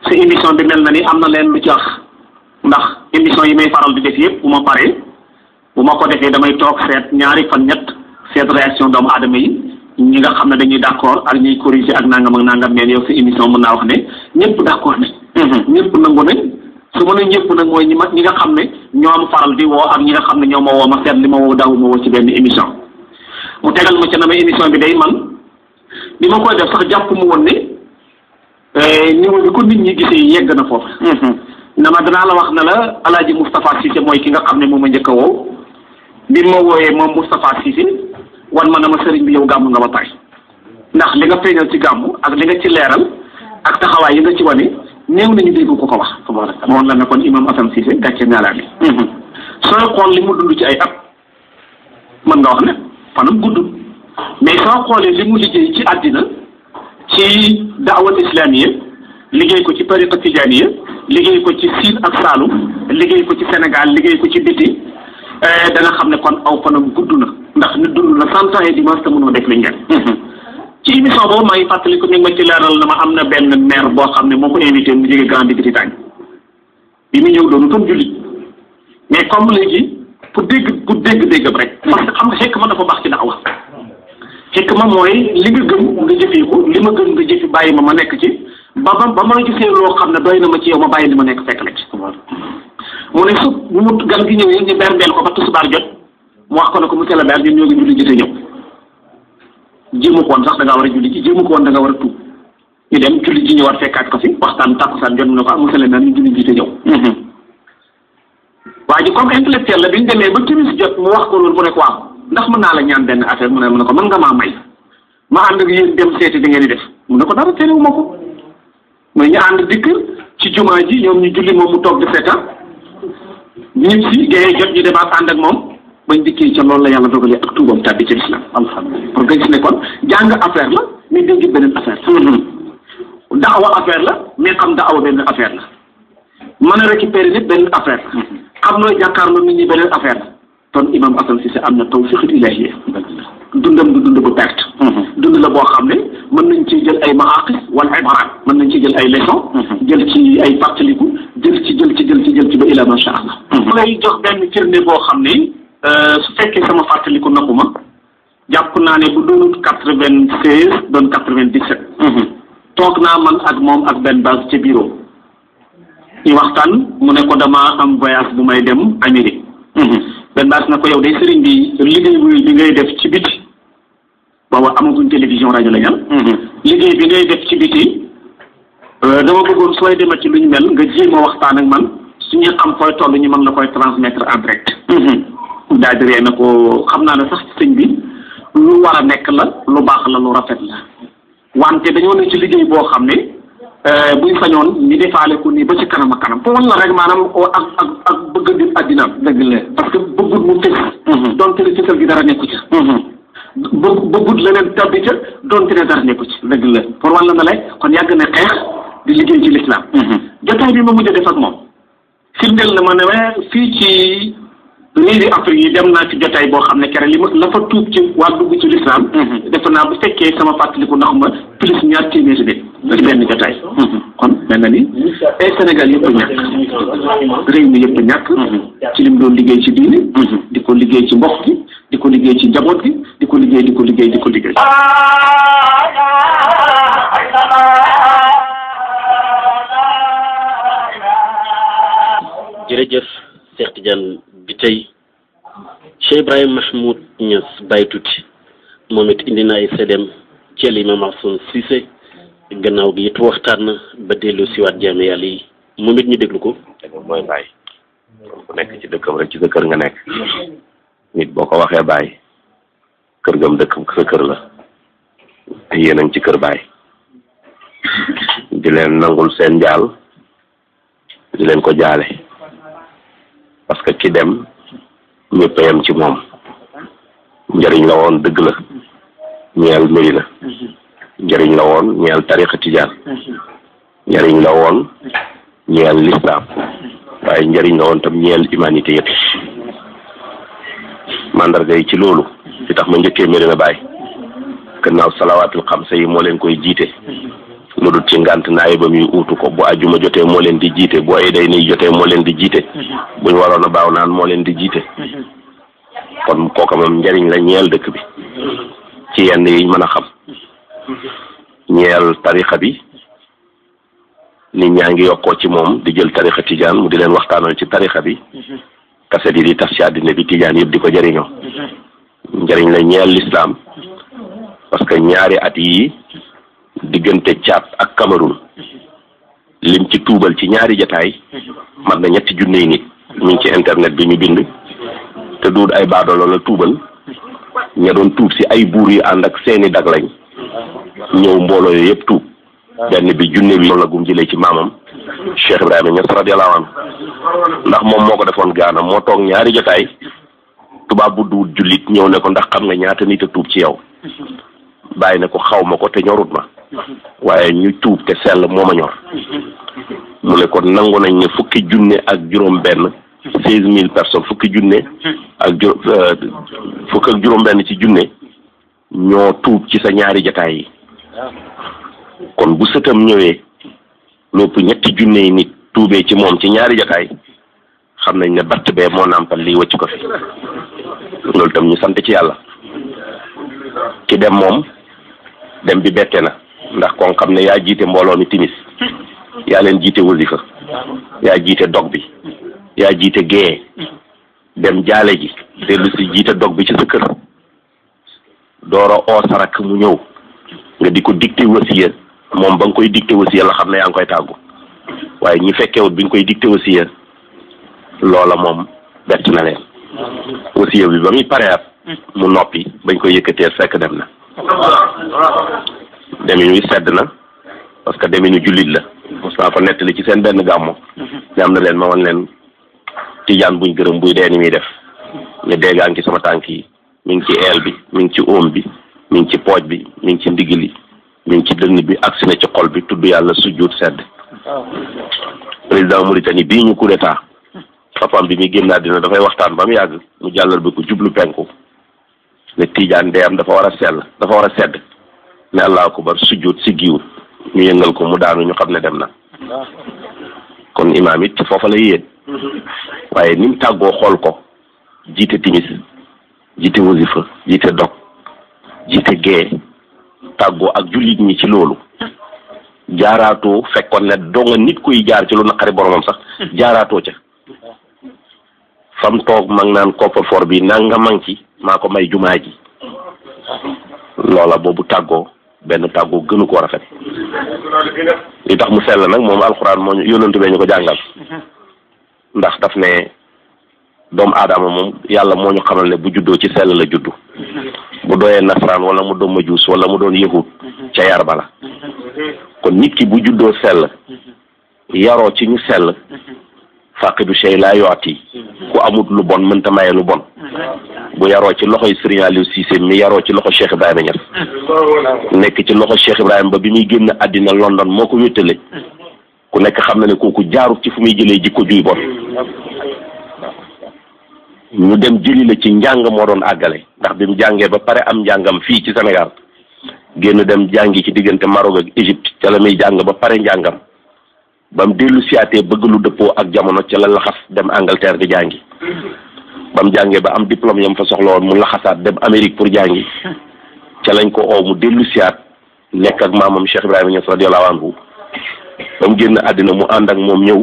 sa émission bi mel na ni am na leen lu ci wax ndax émission yi may faral di def yëpp bu ma paree bu ma ko defee damay toog seet ñaari fan ñett seet réaction doomu adama yi ñi nga xam ne dañuy d'accord ak ñuy corriger ak nangam ak nangam mais yow sa émission mën naa wax ne ñëpp d'accord nañ mhm. ñëpp nangu su mën a ñëpp nag mooy ñi ma ñi nga xam ne ñoom faral di woo ak ñi nga xam ne ñoo ma woo ma seet li ma woo daaw ma woo ci benn émission mu tegal ma ci na ma émission bi day man bi ma koy def sax jàpp mu woon ni eh, niveau bi ko nit ñi gisee yegg na foofu mm-hmm. na ma danaa la wax na la alaaji Moustapha Cissé mooy ki nga xam ne moom a njëkk a woow bi ma wooyee moom Moustapha Cissé wan ma na ma sëriñ bi yow gàmm nga ba pare ndax li nga feeñal ci gàmm ak li nga ci leeral ak taxawaay yi nga ci wane néew nañu dégg ko ko wax. tabaaraka moom la ne kon imam Assane Cissé gàcce ngaalaa bi. Mhm. sooy xool li mu dund ci ay at mën nga wax ne fanam gudd mais soo xoolee li mu liggéey ci àddina ci daawat islamiya liggéey ko ci tariqa tijaaniya liggéey ko ci Siin ak Saalum liggéey ko ci senegal liggéey ko ci biti eh, dana xam ne kon aw fanam gudd na ndax ñu dund na cent ans et dimanche te mënoo def li ngeen mhm. ci émission boobu may fàttaliku ñu ma ci leeral na ma am na benn maire boo xam ne moo ko invité mu jóge Grande-Bretagne bi mu ñëw doonu tam jullit mais comme léegi pour dégg pour dégg-dégg rek parce que xam nga xekk ma ko baax ci daawa xekk ma mooy li nga gëm nga jëfee ko li ma gëm nga jëfi bàyyi ma ma nekk ci ba ba ba mën a loo xam ne doy na ma ci yow ma bàyyi li ma nekk fekk la ci mu ne su mu gan gi ñëwee ñu berndeel ko ba tusubaar jot mu wax ko ne ko monsieur le jéem ko woon sax da ngaa war a julli ci jéem ko woon da nga war a tuub ñu dem julli ji ñëwaat fekkaat ko fi waxtaan tàkkusaan jot mu ne ko amul sële naan ñu julli ji te ñëw. Mhm. waa ji comme intellectuel la bi ñu demee ba timis jot mu wax ko loolu mu ne ko waaw ndax mën naa la ñaan benn affaire mu ne mu ko mën nga maa may ma ànd ak yéen dem seeti bi ngeen def mun na ko dara terewuma ma ko mooy ñu ànd dikk ci jumaa ji ñoom ñu julli moom mu toog di seetaan ñun si géej jot ñu demaat ànd ak moom. bañ dikkee ca loolu la yàlla dogalee ak tuubam tàbbi ca lislaam alhamdulilah pour nga ne kon jàng affaire la mais dégg beneen affaire hmm. daawa affaire la mais xam daawa benn affaire la mën a récupérer nit benn affaire la xam nooy jàkkaarloo nit ñi beneen affaire la kon imam Assane Cissé am na tawfiqul ilahiyya du dund bu perte hmm. dund la boo xam ne mën nañ ci jël ay maaqis wala ibarat mën nañ ci jël ay leçons hmm. jël ci ay fàttaliku jël ci jël ci jël ci jël ci ba ila macha allah lay jox benn firnde boo xam ne Euh, su fekkee sama fàttaliku nagu ma jàpp naa ne bu doonut quatre vingt seize doon quatre vingt dix toog naa man ak moom ak benn base ci bureau ñu waxtaan mu ne ko dama am voyage bu may dem Amérique mhm. benn base na ko yow day sëriñ bi liggéey bu bi ngay def ci biti booba amaguñ télévision rajo la ñam liggéey bi ngay def ci biti mhm. euh, dama bëggoon sooy demee ci lu ñu mel nga jéem a waxtaan ak man su suñu xam koy toll ñu man la koy transmettre en direct mhm. daajuree na ko xam naa ne sax sëñ bi lu war a nekk la lu baax la lu rafet la wante dañoo ne ci liggéey boo xam ne euh, buñ fañoon ñi defaale ko nii ba ci kanam ak kanam pour wan la rek maanaam ak ak ak bëgg di àddinaam dëgg la parce que bëggut mu fës mm-hmm. donte ne fësal gi dara nekku ca mm-hmm. bë bëggut leneen tabbi ca donte ne dara nekku ci dëgg la pour wan la na lay kon yàgg na xeex di liggéey ci lislaam mm-hmm. jotaay bi ma mujj a def ak moom firndeel ma ne fii ci réewi Afrique yi dem naa ci jotaay boo xam ne kere li ma la fa tuub ci wàllu dugg ci lislaam mhm. defe naa bu fekkee sama fàttaliku ndax ma plus ñaar téeméeri nit ci benn jotaay mhm. kon mel na ni ay Sénégal yëpp a ñàkk réew mi yëpp a ñàkk mhm. ci lim doon liggéey ci diini di ko liggéey ci mbokk gi di ko liggéey ci njaboot gi di ko liggéey di ko liggéey di ko liggéey jërëjëf Cheikh Tidiane bi tey Cheikh Ibrahim Mahmoud Niass Baye Tuuti moom it indi na ay seddem ci Imam Mahfouz Cissé gannaaw gi it waxtaan na ba dellu siwaat jaame yàlla yi moom it ñu déglu ko mooy baay nekk ci dëkkam ci kër nga nekk boo ko waxee baay kër gam dëkk sa kër la yéen a ci kër baay di leen nangul seen jaal di leen ko jaale parce que ki dem ñëpp ci moom njariñ la woon dëgg la ñeel Medina njëriñ la woon ñeel tarixa tijaan njëriñ la woon ñeel lislaam waaye njëriñ la woon tam ñeel humanité yëpp mandarga yi ci loolu li tax ma njëkkee Medina Baay gannaaw salawaatul xamsa yi moo leen koy jiite lu dul ci ngant naayibam yu uutu ko bu ajuma jotee moo leen di jiite bu ay day nii jotee moo leen di jiite mhm. buñ waroon a baaw naan moo leen di jiite mhm. kon kooka moom njariñ la ñeel dëkk bi mhm. ci yenn yiñ mën a xam ñeel tarixa bi nit ñaa ngi yokkoo ci moom di jël tarixa tijaan mu di leen waxtaanal ci tarixa bi kaset yi di tas ci àddina bi tiijaan yëpp di ko jariñoo njariñ la ñeel lislaam parce que ñaari at yii diggante Tchad ak Cameroun lim ci tuubal ci ñaari jataay mat na ñetti junni nit ñu ci internet bi ñu bind te duut ay baadoolo la tuubal ña doon tuub si ay buur yu ànd ak seeni dag lañ ñëw mbooloo yooyu yëpp tuub benn bi junne bi moom la ci maamam Cheikh Ibrahima Niass radiyallahu anhu ndax moom moo ko defoon gaana moo toog ñaari jotaay tubaab bu duut jullit ñëw ne ko ndax xam nga ñaata nit a tuub ci yow bàyyi ne ko xaw ma ko te ñorut ma waaye ñu tuub te sell moom a ñor mu ne kon nangu nañ ne fukki junne ak juróom benn seize mille personnes fukki junne ak euh, juróom benn ci junne ñoo tuub ci sa ñaari jataay yi kon bu sëtam ñëwee lopp ñetti junne yi nit tuubee ci moom ci ñaari jataay xam nañ ne batt bee moo nàmpal lii wëcc ko fi loolu tam ñu sant ci yàlla ki dem moom dem bi bette na ndax kon xam ne yaa jiite mbooloo mi timis yaa leen jiite wasifa yaa jiite dog bi yaa jiite gée dem jaale ji dellu si jiite dog bi ci sa kër door a oo mu ñëw nga di ko dicté wasiya moom ba nga koy dicté wasiya la xam ne yaa ngi koy tàggu waaye ñi fekkewut bi nga koy dicté loola moom bett na leen wasiya bi ba muy pareat mu noppi bañ koy yëkkatee fekk dem na demin wi sedd na parce que deminu jullit la mosnaa ko nettali ci seen benn gàmmu ne am na leen ma wan leen tijaan buñ gërëm buy dee ni muy def ne deegaan ci sama tànk yi mi ngi ci eel bi mi ngi ci óom bi mi ngi ci pooj bi mi ngi ci ndigg li mi ngi ci dënn bi agsi na ci xol bi tudd yàlla sujjuut sedd président Mauritanie bii ñu coup d'état papam bi muy génn àddina dafay waxtaan ba mu yàgg mu jàllal bi ko jublu penku ne de ndeyam dafa war a sell dafa war a sedd ne allah akubar sujjóot siggiwut ñu yëngal ko mu daanu ñu xam ne dem na kon imaam it foofa la yéen waaye ni mu tàggoo xool ko jiite timis jiite wasifa jiite dog jiite gee tàggoo ak jullit ñi ci loolu jaaraatoo fekkoon ne donga nit kuy jaar ci lu naqari boromam sax jaaraatoo ca fam toog mag naan coffre-fort bi nanga mang ci maa ko may jumaa ji loola boobu tàggoo benn tàggoo gënu koo rafet li tax mu sell nag moom alxuraan moo ñu yónnantu bee ñu ko jàngal ndax daf ne doomu aadama moom yàlla moo ñu xamal ne bu juddoo ci sell la juddu bu doyee nasaraan wala mu doon majuus wala mu doon yahut ca yar ba la kon nit ki bu juddoo sell yaroo ci ñu sell fàq bi sey laa yooti ku amut lu bon mënta maye lu bon bu yaroo ci loxoy Serigne Aliou Cissé mi yaroo ci loxo Cheikh Ibrahima Niass nekk ci loxo Cheikh Ibrahima ba bi muy génn àddina London moo ko wéttale ku nekk xam na ne kooku jaarut ci fu muy jëlee jikko juy bon ñu dem jëli la ci njàng moo doon àggale ndax bi mu jàngee ba pare am njàngam fii ci Sénégal génn dem jàngi ci diggante Maroc ak Égypte ca la muy jàng ba pare njàngam ba mu dellu siyaatee bëgg lu dëppoo ak jamono ca la laxas dem Angleterre di jàngi ba mu jàngee ba am diplôme yam fa soxla woon mu laxasaat dem Amérique pour jàngi ca lañ ko oo mu dellu siyaat nekk ak maamam Cheikh Ibrahima Niass radiyallahu anhu ba mu génn àddina mu ànd ak moom ñëw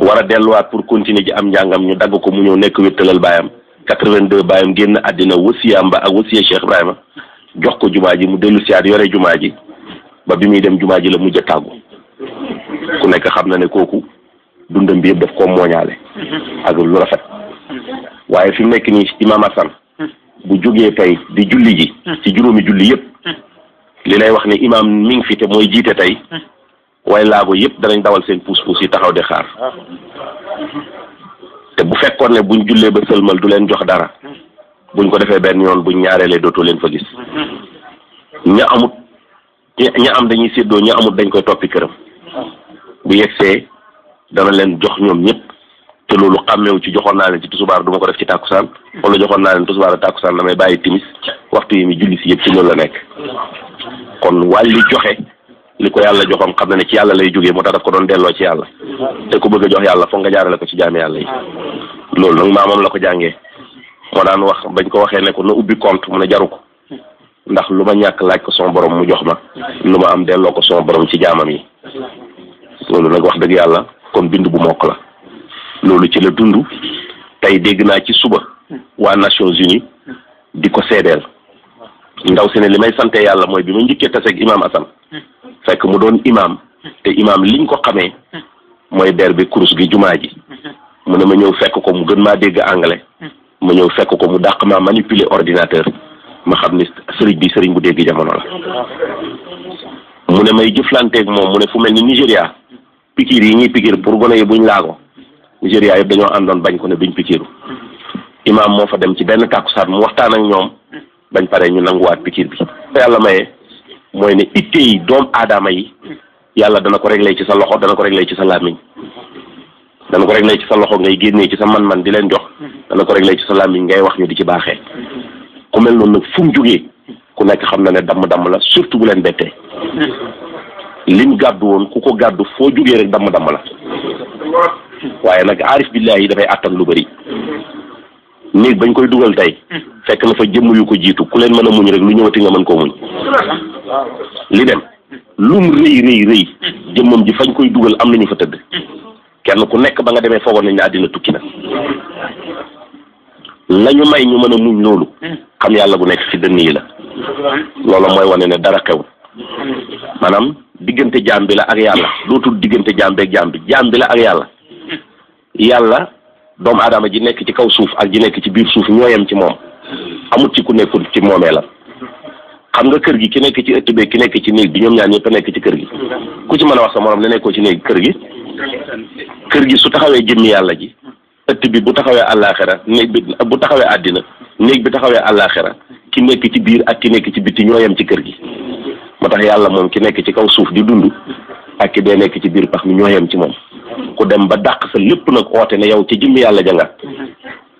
war delluwaat pour continuer ji am njàngam ñu dagg ko mu ñëw nekk wéttalal baayam 82 baayam génn àddina wasiyaam ba ak wasiya Cheikh Ibrahima jox ko jumaa ji mu dellu siyaat yore jumaa ji ba bi muy dem jumaa ji la mujj a tàggu ku nekk xam na ne kooku dundam bi yëpp daf koo mooñaale ak lu rafet waaye fi nekk nii imaam Hassan bu jógee tey di julli ji ci juróomi julli yëpp li lay wax ne imaam mi ngi fi te mooy jiite tey way laago yëpp danañ dawal seen puus puus yi taxaw de xaar te bu fekkoon ne buñ jullee ba sëlmal du leen jox dara buñ ko defee benn yoon buñ ñaareelee dootoo leen fa gis ña amut ñu am dañuy séddoo ña amut dañ koy toppi këram bu yegsee dana leen jox ñoom ñëpp te loolu xàmmeewu ci joxoon naa leen ci tusubaar du ma ko def ci tàkkusaan wala joxoon naa leen tusubaar tàkkusaan damay bàyyi timis waxtu yi mi julli si yëpp ci loolu la nekk kon wàlli joxe li ko yàlla joxoon xam na ne ci yàlla lay jógee moo tax daf ko doon delloo ci yàlla te ko bëgg a jox yàlla foog nga jaarale ko ci jaami yàlla yi loolu nag maamam la ko jàngee moo daan wax bañ ko waxee ne ko na ubbi compte mu ne jaru ko ndax lu ma ñàkk laaj ko son mu jox ma lu ma am delloo ko son borom ci jaamam yi loolu nag wax dëgg yàlla kon bind bu mokk la loolu ci la dund tey dégg naa ci suba waa Nations Unies di ko seedeel ndaw si ne li may sante yàlla mooy bi ma njëkkee taseeg imaam Assane fekk mu doon imaam te imaam liñ ko xamee mooy der bi kurus gi jumaa ji mu ne ma ñëw fekk ko mu gën maa dégg anglais ma ñëw fekk ko mu dàq maa manipuler ordinateur ma xam ni sëriñ bi sëriñ bu dégg jamono la mu ne may jëflanteeg moom mu ne fu mel ni Nigéria pikiir yi ñuy pikiir pour gone yi buñ laago Nigéria yëpp dañoo àndoon bañ ko ne buñ pikiiru imaam moo fa dem ci benn tàkkusaan mu waxtaan ak ñoom bañ pare ñu nanguwaat pikiir bi yàlla maye mooy ne itte yi doom aadama yi yàlla dana ko réglé ci sa loxo dana ko regle ci sa làmmiñ dana ko réglé ci sa loxo ngay génnee ci sa man-man di leen jox dana ko réglé ci sa làmmiñ ngay wax ñu di ci baaxee ku mel noonu nag fu mu jógee ku nekk xam na ne damm-damm la surtout bu leen bettee lim gàddu woon ku ko gàddu foo jógee rek damm damm la waaye nag aarif billahi yi dafay àttan lu bari néeg bañ koy dugal tey fekk na fa jëmm yu ko jiitu ku leen mën a muñ rek lu ñëwati nga man koo muñ li dem lum rëy rëy rëy jëmmam ji fañ koy dugal am ñu fa tëdd kenn ku nekk ba nga demee foogoon nañ ne àddina tukki na lañu may ñu mën a muñ loolu xam yàlla bu nekk ci dënn yi la loola mooy wane ne dara xew maanaam diggante jaam bi la ak yàlla dootul diggante jaam beeg jaam bi jaam bi la ak yàlla yàlla doomu aadama ji nekk ci kaw suuf ak ji nekk ci biir suuf ñoo yem ci moom amut ci ku nekkul ci moomee la xam nga kër gi ki nekk ci ëtt bi ki nekk ci néeg bi ñoom ñaar ñëpp a ci kër gi ku ci mën a wax sa morom ne nekkoo ci néeg kër gi kër gi su taxawee jëmmi yàlla ji ëtt bi bu taxawee àllaaxira néeg bi bu taxawee àddina néeg bi taxawee àllaaxira ki nekk ci biir ak ki nekk ci bitti ñoo yem ci kër gi ba tax yàlla moom ki nekk ci kaw suuf di dund ak ki dee nekk ci biir pax mi ñoo yem ci moom ku dem ba dàq sa lépp nag oote ne yow ci jëmm yàlla jàngat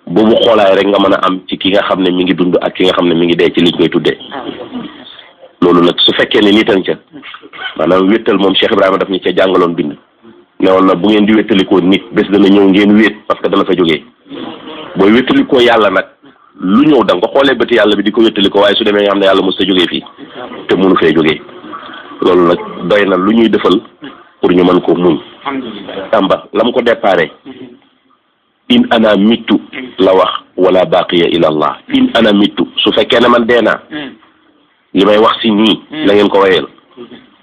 boobu xoolaay rek nga mën a am ci ki nga xam ne mi ngi dund ak ki nga xam ne mi ngi dee ci liñ koy tuddee loolu nag su fekkee ne nitan ca maanaam wéttal moom Cheikh Ibrahima daf ñu ca jàngaloon bind ne woon na bu ngeen di wéttalikoo nit bés dana ñëw ngeen wéet parce que dana fa jógee booy wéttalikoo yàlla nag lu ñëw da nga ko xoolee bëti yàlla bi di ko wéttali ko waaye su demee nga xam ne yàlla mos ta jógee fii te mënu fee jóge loolu nag doy na lu ñuy defal pour ñu mën ko muñ tàmba la mu ko déparé in ana mittu la wax wala baqiya ila allah in ana mittu su fekkee ne man dee naa hmm. li may wax si nii hmm. la ngeen ko wayeel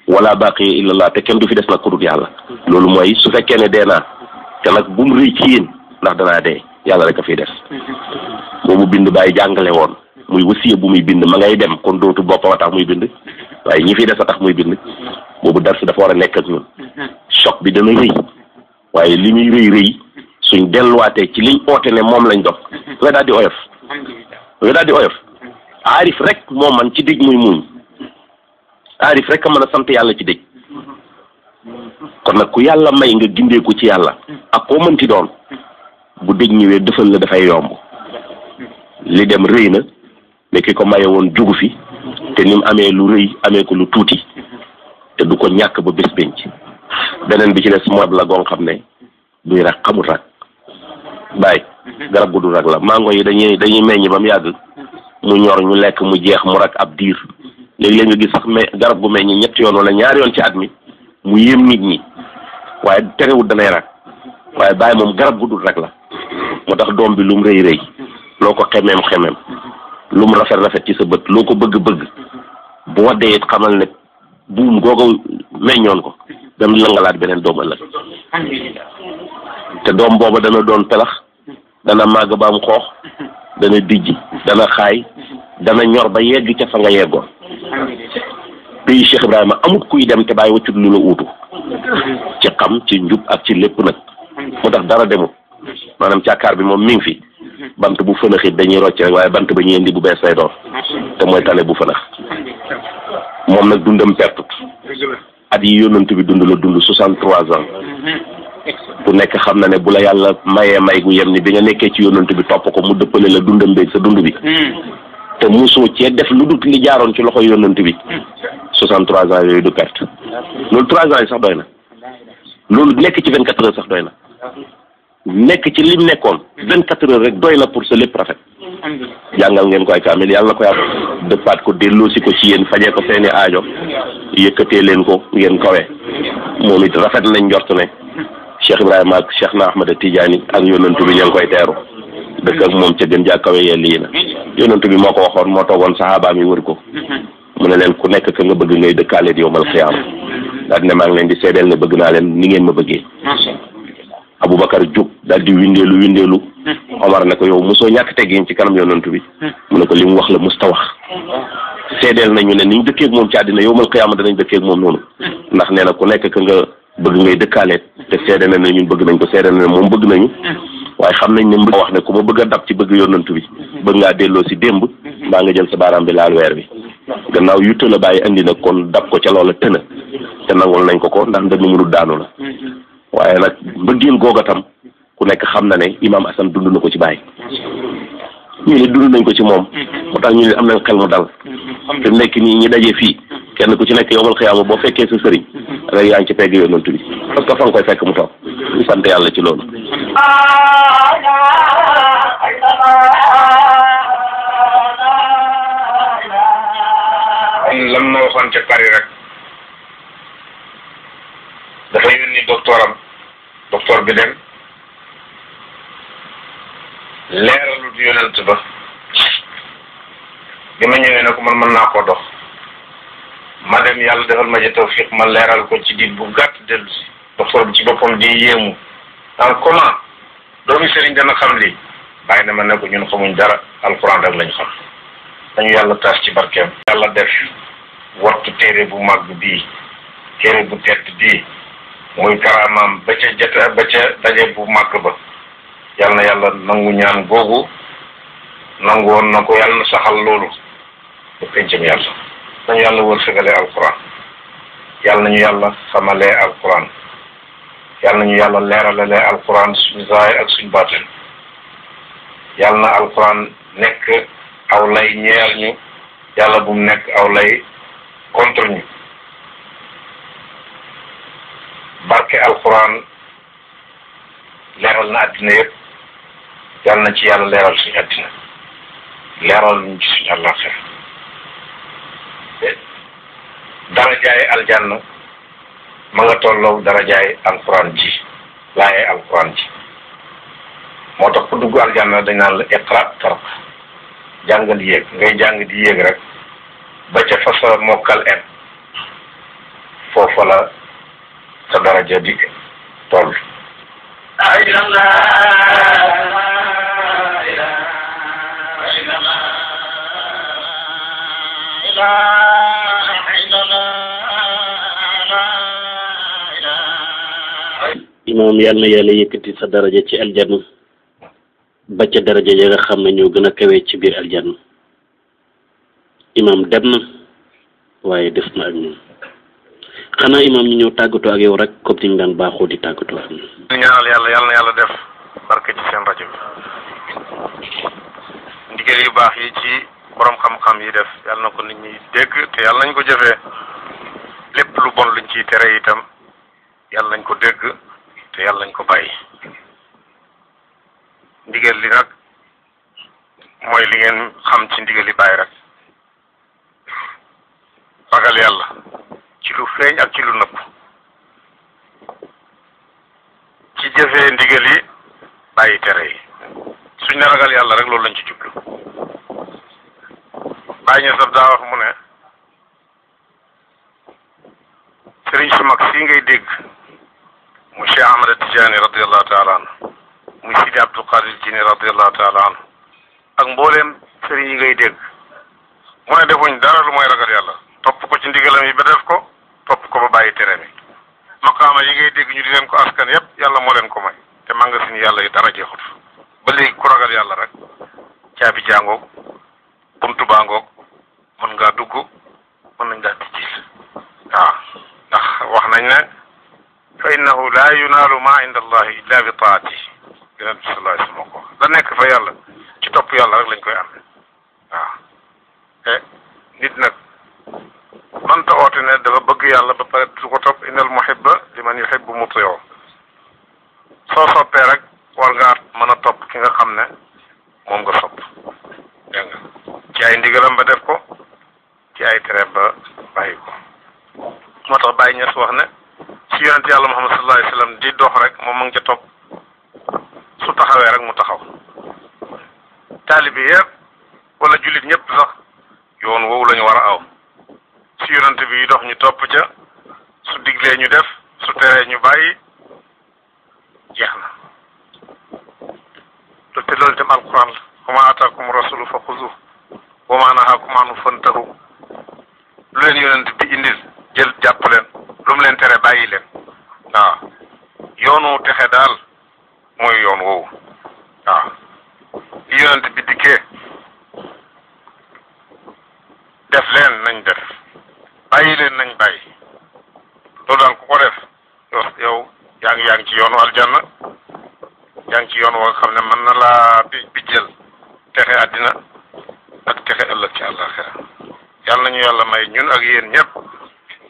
wala baqiya ila allah te kenn du fi des nag ku dul yàlla loolu mooy su fekkee ne dee naa te nag bu mu rëy ci yéen ndax danaa dee yàlla rek a fiy des hmm. moomu bind bàyyi jàngale woon muy wasiya bu muy bind ma ngay dem kon dootu boppam a muy bind waaye ñi fi des a tax muy bind boobu dars dafa war a nekk ak ñun choc bi dana rëy waaye li muy rëy rëy suñ delluwaatee ci liñ oote ne moom lañ dox nga daal di oyof nga oyof aarif rek moo man ci dëj muy muuñ aarif rek a mën a sant yàlla ci dëj kon nag ku yàlla may nga gindee ko ci yàlla ak koo mënti doon bu dëj ñëwee dëfal la dafay yomb li dem rëy na mais ki ko maye woon jugu fi te ni mu amee lu rëy amee ko lu tuuti te du ko ñàkk ba bés beneen bi ci def mooy la goo xam ne duy rag xamul rag bàyyi garab gu du rag la mango yi dañuy dañuy meññ ba mu yàgg mu ñor ñu lekk mu jeex mu rag ab diir léegi leen nga gis sax me garab gu meññ ñetti yoon wala ñaari yoon ci at mi mu yéem nit ñi waaye terewut danay rag waaye bàyyi moom garab gu dul rag la moo tax doom bi lu mu rëy rëy loo ko xemeem xemeem lu mu rafet rafet ci sa bët loo ko bëgg bëgg bu waddee it xamal ne buum googu meññoon ko dana lëngalaat beneen doom ëllëg te doom booba dana doon pelax dana màgg ba am xoox dana dijj dana xaay dana ñor ba yegg ca fa nga yeggoon pays Cheikh Ibrahima amut kuy dem te bàyyi waccut lu la uutu ci xam ci njub ak ci lépp nag moo tax dara demut maanaam càkkaar bi moom mi ngi fi bant bu fënax dañuy rocc rek waaye bant ba ñu indi bu bees lay doon te mooy tane bu fënax moom nag dundam pertut at yi yonent bi dund la dund soixante trois ans mhm. ku nekk xam na ne bu la yàlla mayee may gu yem ni bi nga nekkee ci yonent bi topp ko mu dëppale la dundam beeg sa dund bi mhm. te mu soo cee def lu dut li jaaroon ci loxo yonent bi mhm. soixante trois ans yooyu du perte loolu trois ans yi sax doy na loolu nekk ci vingt quatre sax doy na nekk ci lim nekkoon vingt quatre heures rek doy la pour sa lépp rafet jàngal ngeen ko ay kaamil yàlla na ko yàlla dëppaat ko delloosi ko ci yéen fajee ko seeni aajo yëkkatee leen ko ngeen kawe moom it rafet nañ njort ne Cheikh Ibrahima ak Cheikh na Ahmada Tidiane ak yonantu bi ña ngi koy teeru dëkk ak moom ca gën jaa kawe yee lii na yonantu bi moo ko waxoon moo toogoon saxaabaam yi wër ko mu ne leen ku nekk ka nga bëgg ngay dëkkaaleet yow mal xiyaam daal ne maa ngi di seedeel ne bëgg naa leen ni ngeen ma bëggee Aboubacar jóg daal di windeelu windeelu hmm. Omar ne ko yow mosoo ñàkk teggin ci kanam yonantu bi mu ne ko li mu wax la musta wax seedeel nañu ne niñ dëkkeek moom ci addina yow mal xiyaama danañ dëkkeek moom noonu ndax nee na ku nekk ka nga bëgg ngay dëkkaaleet te seede na ne ñun bëgg nañ ko seede ne moom bëgg nañu hmm. waaye xam nañ ne mbëgg wax ne ku ma bëgg a dab ci bëgg yonantu bi hmm. bëgg ngaa delloo si démb mbaa nga jël sa baaraam bi laal weer bi gannaaw yutta la bàyyi andi na kon dab ko ca loola tëna te nangul nañ ko ko ndax nda nu daanu la waaye nag mbëggeel googa tam ku nekk xam na ne imaam Assane dund na ko ci bàyyi ñu ne dund nañ ko ci moom moo tax ñu ne am nañ xel mu dal te nekk nii ñu daje fii kenn ku ci nekk yomal xiyaama boo fekkee sa sëriñ rek yaa ngi ci pegg yonent bi parce que koy fekk mu toog ñu sant yàlla ci loolu. docteur bi dem leeralut yonent ba bi ma ñëwee ne ko man mën naa koo dox ma dem yàlla defal ma ci tawfiq ma leeral ko ci diit bu gàtt dellu si bi ci boppam di yéemu en comment doomi sëriñ dana xam lii bàyyi na ma ne ko ñun xamuñ dara alxuraan rek lañ xam dañu yàlla taas ci barkeem yàlla def wattu téere bu màgg bii téere bu tedd bii muy karaamaam ba ca jota daje bu màgg ba yal na yàlla nangu ñaan googu nangu woon na ko yàlla na saxal loolu bu pencam yàlla nañu yàlla wërsëgalee alquran yàlla nañu yàlla xamalee alquran yàlla nañu yàlla leeralalee alquran suñu zaay ak suñu baatin yàlla na alquran nekk aw lay ñeer ñu yàlla bu mu nekk aw lay contre ñu barke alquran leeral na addina yëpp yal nañ ci yàlla leeral suñu addina leeral nañ ci suñu àllaaxira darajaay aljanna ma nga tolloog darajaay alquran ji laayee alquran ji moo tax ku dugg aljanna dañ naan la iqra tarq jàngal yéeg ngay jàng di yéeg rek ba ca fasa mokkal en foofa la sa daraja di imaam yal na yàlla yëkkati sa daraja ci aljanna ba ca daraja ya nga xam ne ñoo gën a kawee ci biir aljanna imaam dem waaye def na ak xanaa imaam ñu ñëw tàggatoo ak yow rek comme ni ñu daan baaxoo di tàggatoo. di ñaanal yàlla yàlla yàlla def barke ci seen rajo bi ndigal yu baax yi ci borom xam-xam yi def yàlla na ko nit ñi dégg te yàlla nañ ko jëfee lépp lu bon luñ ciy tere itam yàlla nañ ko dégg te yàlla nañ ko bàyyi ndigal li nag mooy li ngeen xam ci ndigal yi bàyyi rek ragal yàlla. ci lu feeñ ak ci lu nëbb ci jëfee ndigal yi bàyyi tere yi suñ ne ragal yàlla rek loolu lañ ci jublu bàyyi ñu sab mu ne sëriñ su mag sii ngay dégg mu Cheikh Ahmada Tijaani radiallahu taala anhu mu Sidi Abdul Qadir Jini radiallahu taala anhu ak mbooleem sëriñ yi ngay dégg mu defuñ dara lu mooy ragal yàlla topp ko ci ndigalam yi ba def ko topp ko ba bàyyi tere bi maqaama yi ngay dégg ñu di leen ko askan yépp yàlla moo leen ko may te manga suñu yàlla yi dara jeexut ba léegi ku ragal yàlla rek caabi jaangoog buntu baangoog mën ngaa dugg mën nañ ngaa tijjil waaw ndax wax nañ ne fa innahu laa yunaalu maa inda allahi illa bi taati yonent bi sallallahu alayhi wasallam ko wax la nekk fa yàlla ci topp yàlla rek lañ koy amee waaw te nit nag mënta oote ne dafa bëgg yàlla ba pare du ko topp innal muhibba liman yuhibbu muti'u soo soppee rek war ngaa mën a topp ki nga xam ne moom nga sopp dégg nga ci ay ndigalam ba def ko ci ay tere ba bàyyi ko moo tax Baye Niass wax ne ci yonent yàlla Muhammad sa alayhi wa sallam di dox rek moom mu ngi ca topp su taxawee rek mu taxaw taalibi yëpp wala jullit ñëpp sax yoon woowu lañu war a aw ci yonante bi yu dox ñu topp ca su diglee ñu def su teree ñu bàyyi jeex na lu te loolu itam alquran la wa ma ataakum rasulu fa xuzu wa ma nahaakum anhu lu leen yonent bi indil jël jàpp leen lu mu leen tere bàyyi leen waaw yoonu texe daal mooy yoon woowu waaw li yonent bi dikkee def leen nañ def bàyyi leen nañ bàyyi loolu daal ku ko def yow yow yaa ngi yaa ngi ci yoonu aljanna yaa ci yoon woo xam ne man na laa bi bi texe àddina ak texe ëllëg ci àllaaxira yàlla nañu yàlla may ñun ak yéen ñëpp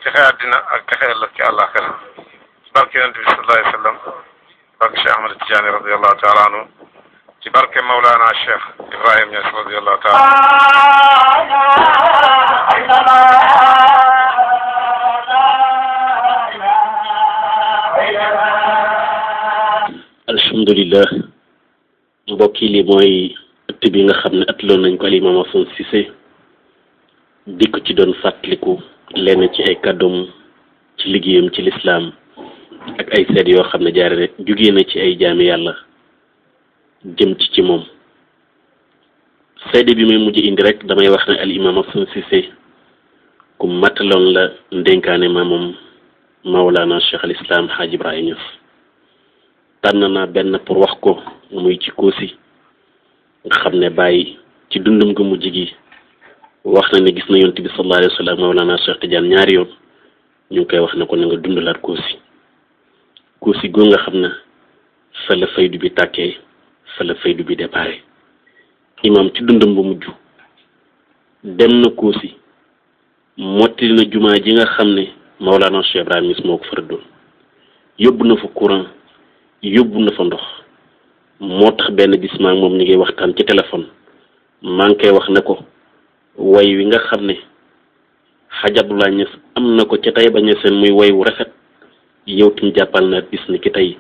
texe àddina ak texe ëllëg ci àllaaxira barke yonent bi sallallahu alayhi wa barke Cheikh Ahmad Tidiane radiallahu taala ci barke Mawlana Cheikh Ibrahim radiallahu taala alhamdulillah mbokk yi li mooy ëtt bi nga xam ne at loon nañ ko Imam Alphonse Cissé di ko ci doon fàttaliku lenn ci ay kàddoom ci liggéeyam ci lislaam ak ay seet yoo xam ne jaare jugee na ci ay jaami yàlla jëm ci ci moom seede bi may mujj indi rek damay wax ne al Imam Alphonse Cissé ku mataloon la ndénkaane maamam Mawlana Cheikh al Islam Hadj Ibrahima Niass tànn naa benn pour wax ko muy ci Kossy nga xam ne bàyyi ci dundum gu mujj gi wax na ne gis na yonent bi sallallahu alayhi wa sallam Mawlana ñaari yoon ñu ngi koy wax ne ko na nga dundalaat Kossy Kossy goo nga xam ne fa la bi tàkkee fa la faydu bi déparé imaam ci dundum bu mujj dem na Kossy mottali na jumaa ji nga xam ne Mawlana Cheikh Ibrahima Niass moo ko faral doon yóbbu na fa courant. yóbbu na fa ndox moo tax benn bis moom li ngay waxtaan ci téléphone maa ngi koy wax na ko way wi nga xam ne xajabulaa ñes am na ko ca tey ba ñeseen muy way wu rafet yow tim jàppal na bis ki tey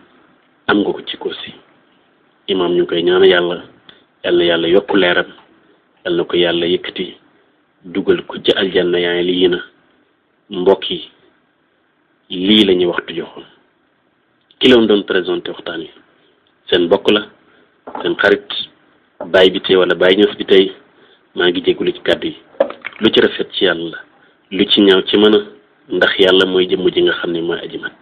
am nga ko ci kursi imaam ñu koy ñaan yàlla yàlla yàlla yokku leeram yàlla na ko yàlla yëkkati dugal ko ci aljanna yaa ngi lii na mbokk yi lii la ñuy waxtu joxoon ki la doon présenté waxtaan wi seen mbokk la seen xarit baay bi tey wala baay ñëf bi tey maa ngi jégalu ci kàddu yi lu ci rafet ci yàlla la lu ci ñaaw ci mën a ndax yàlla mooy jëmm ji nga xam ne mooy aji mat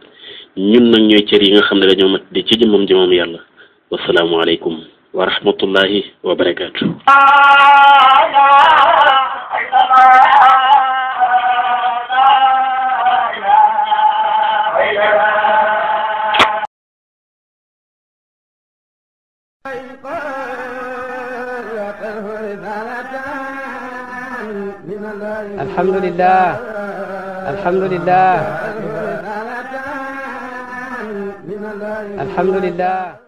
ñun nag ñooy cër yi nga xam ne dañoo mat di ci jëmmam jëmmam yàlla wasalaamualeykum wa rahmatullahi wa barakaatu. Ah, alhamdulillah alhamdulillah alhamdulillah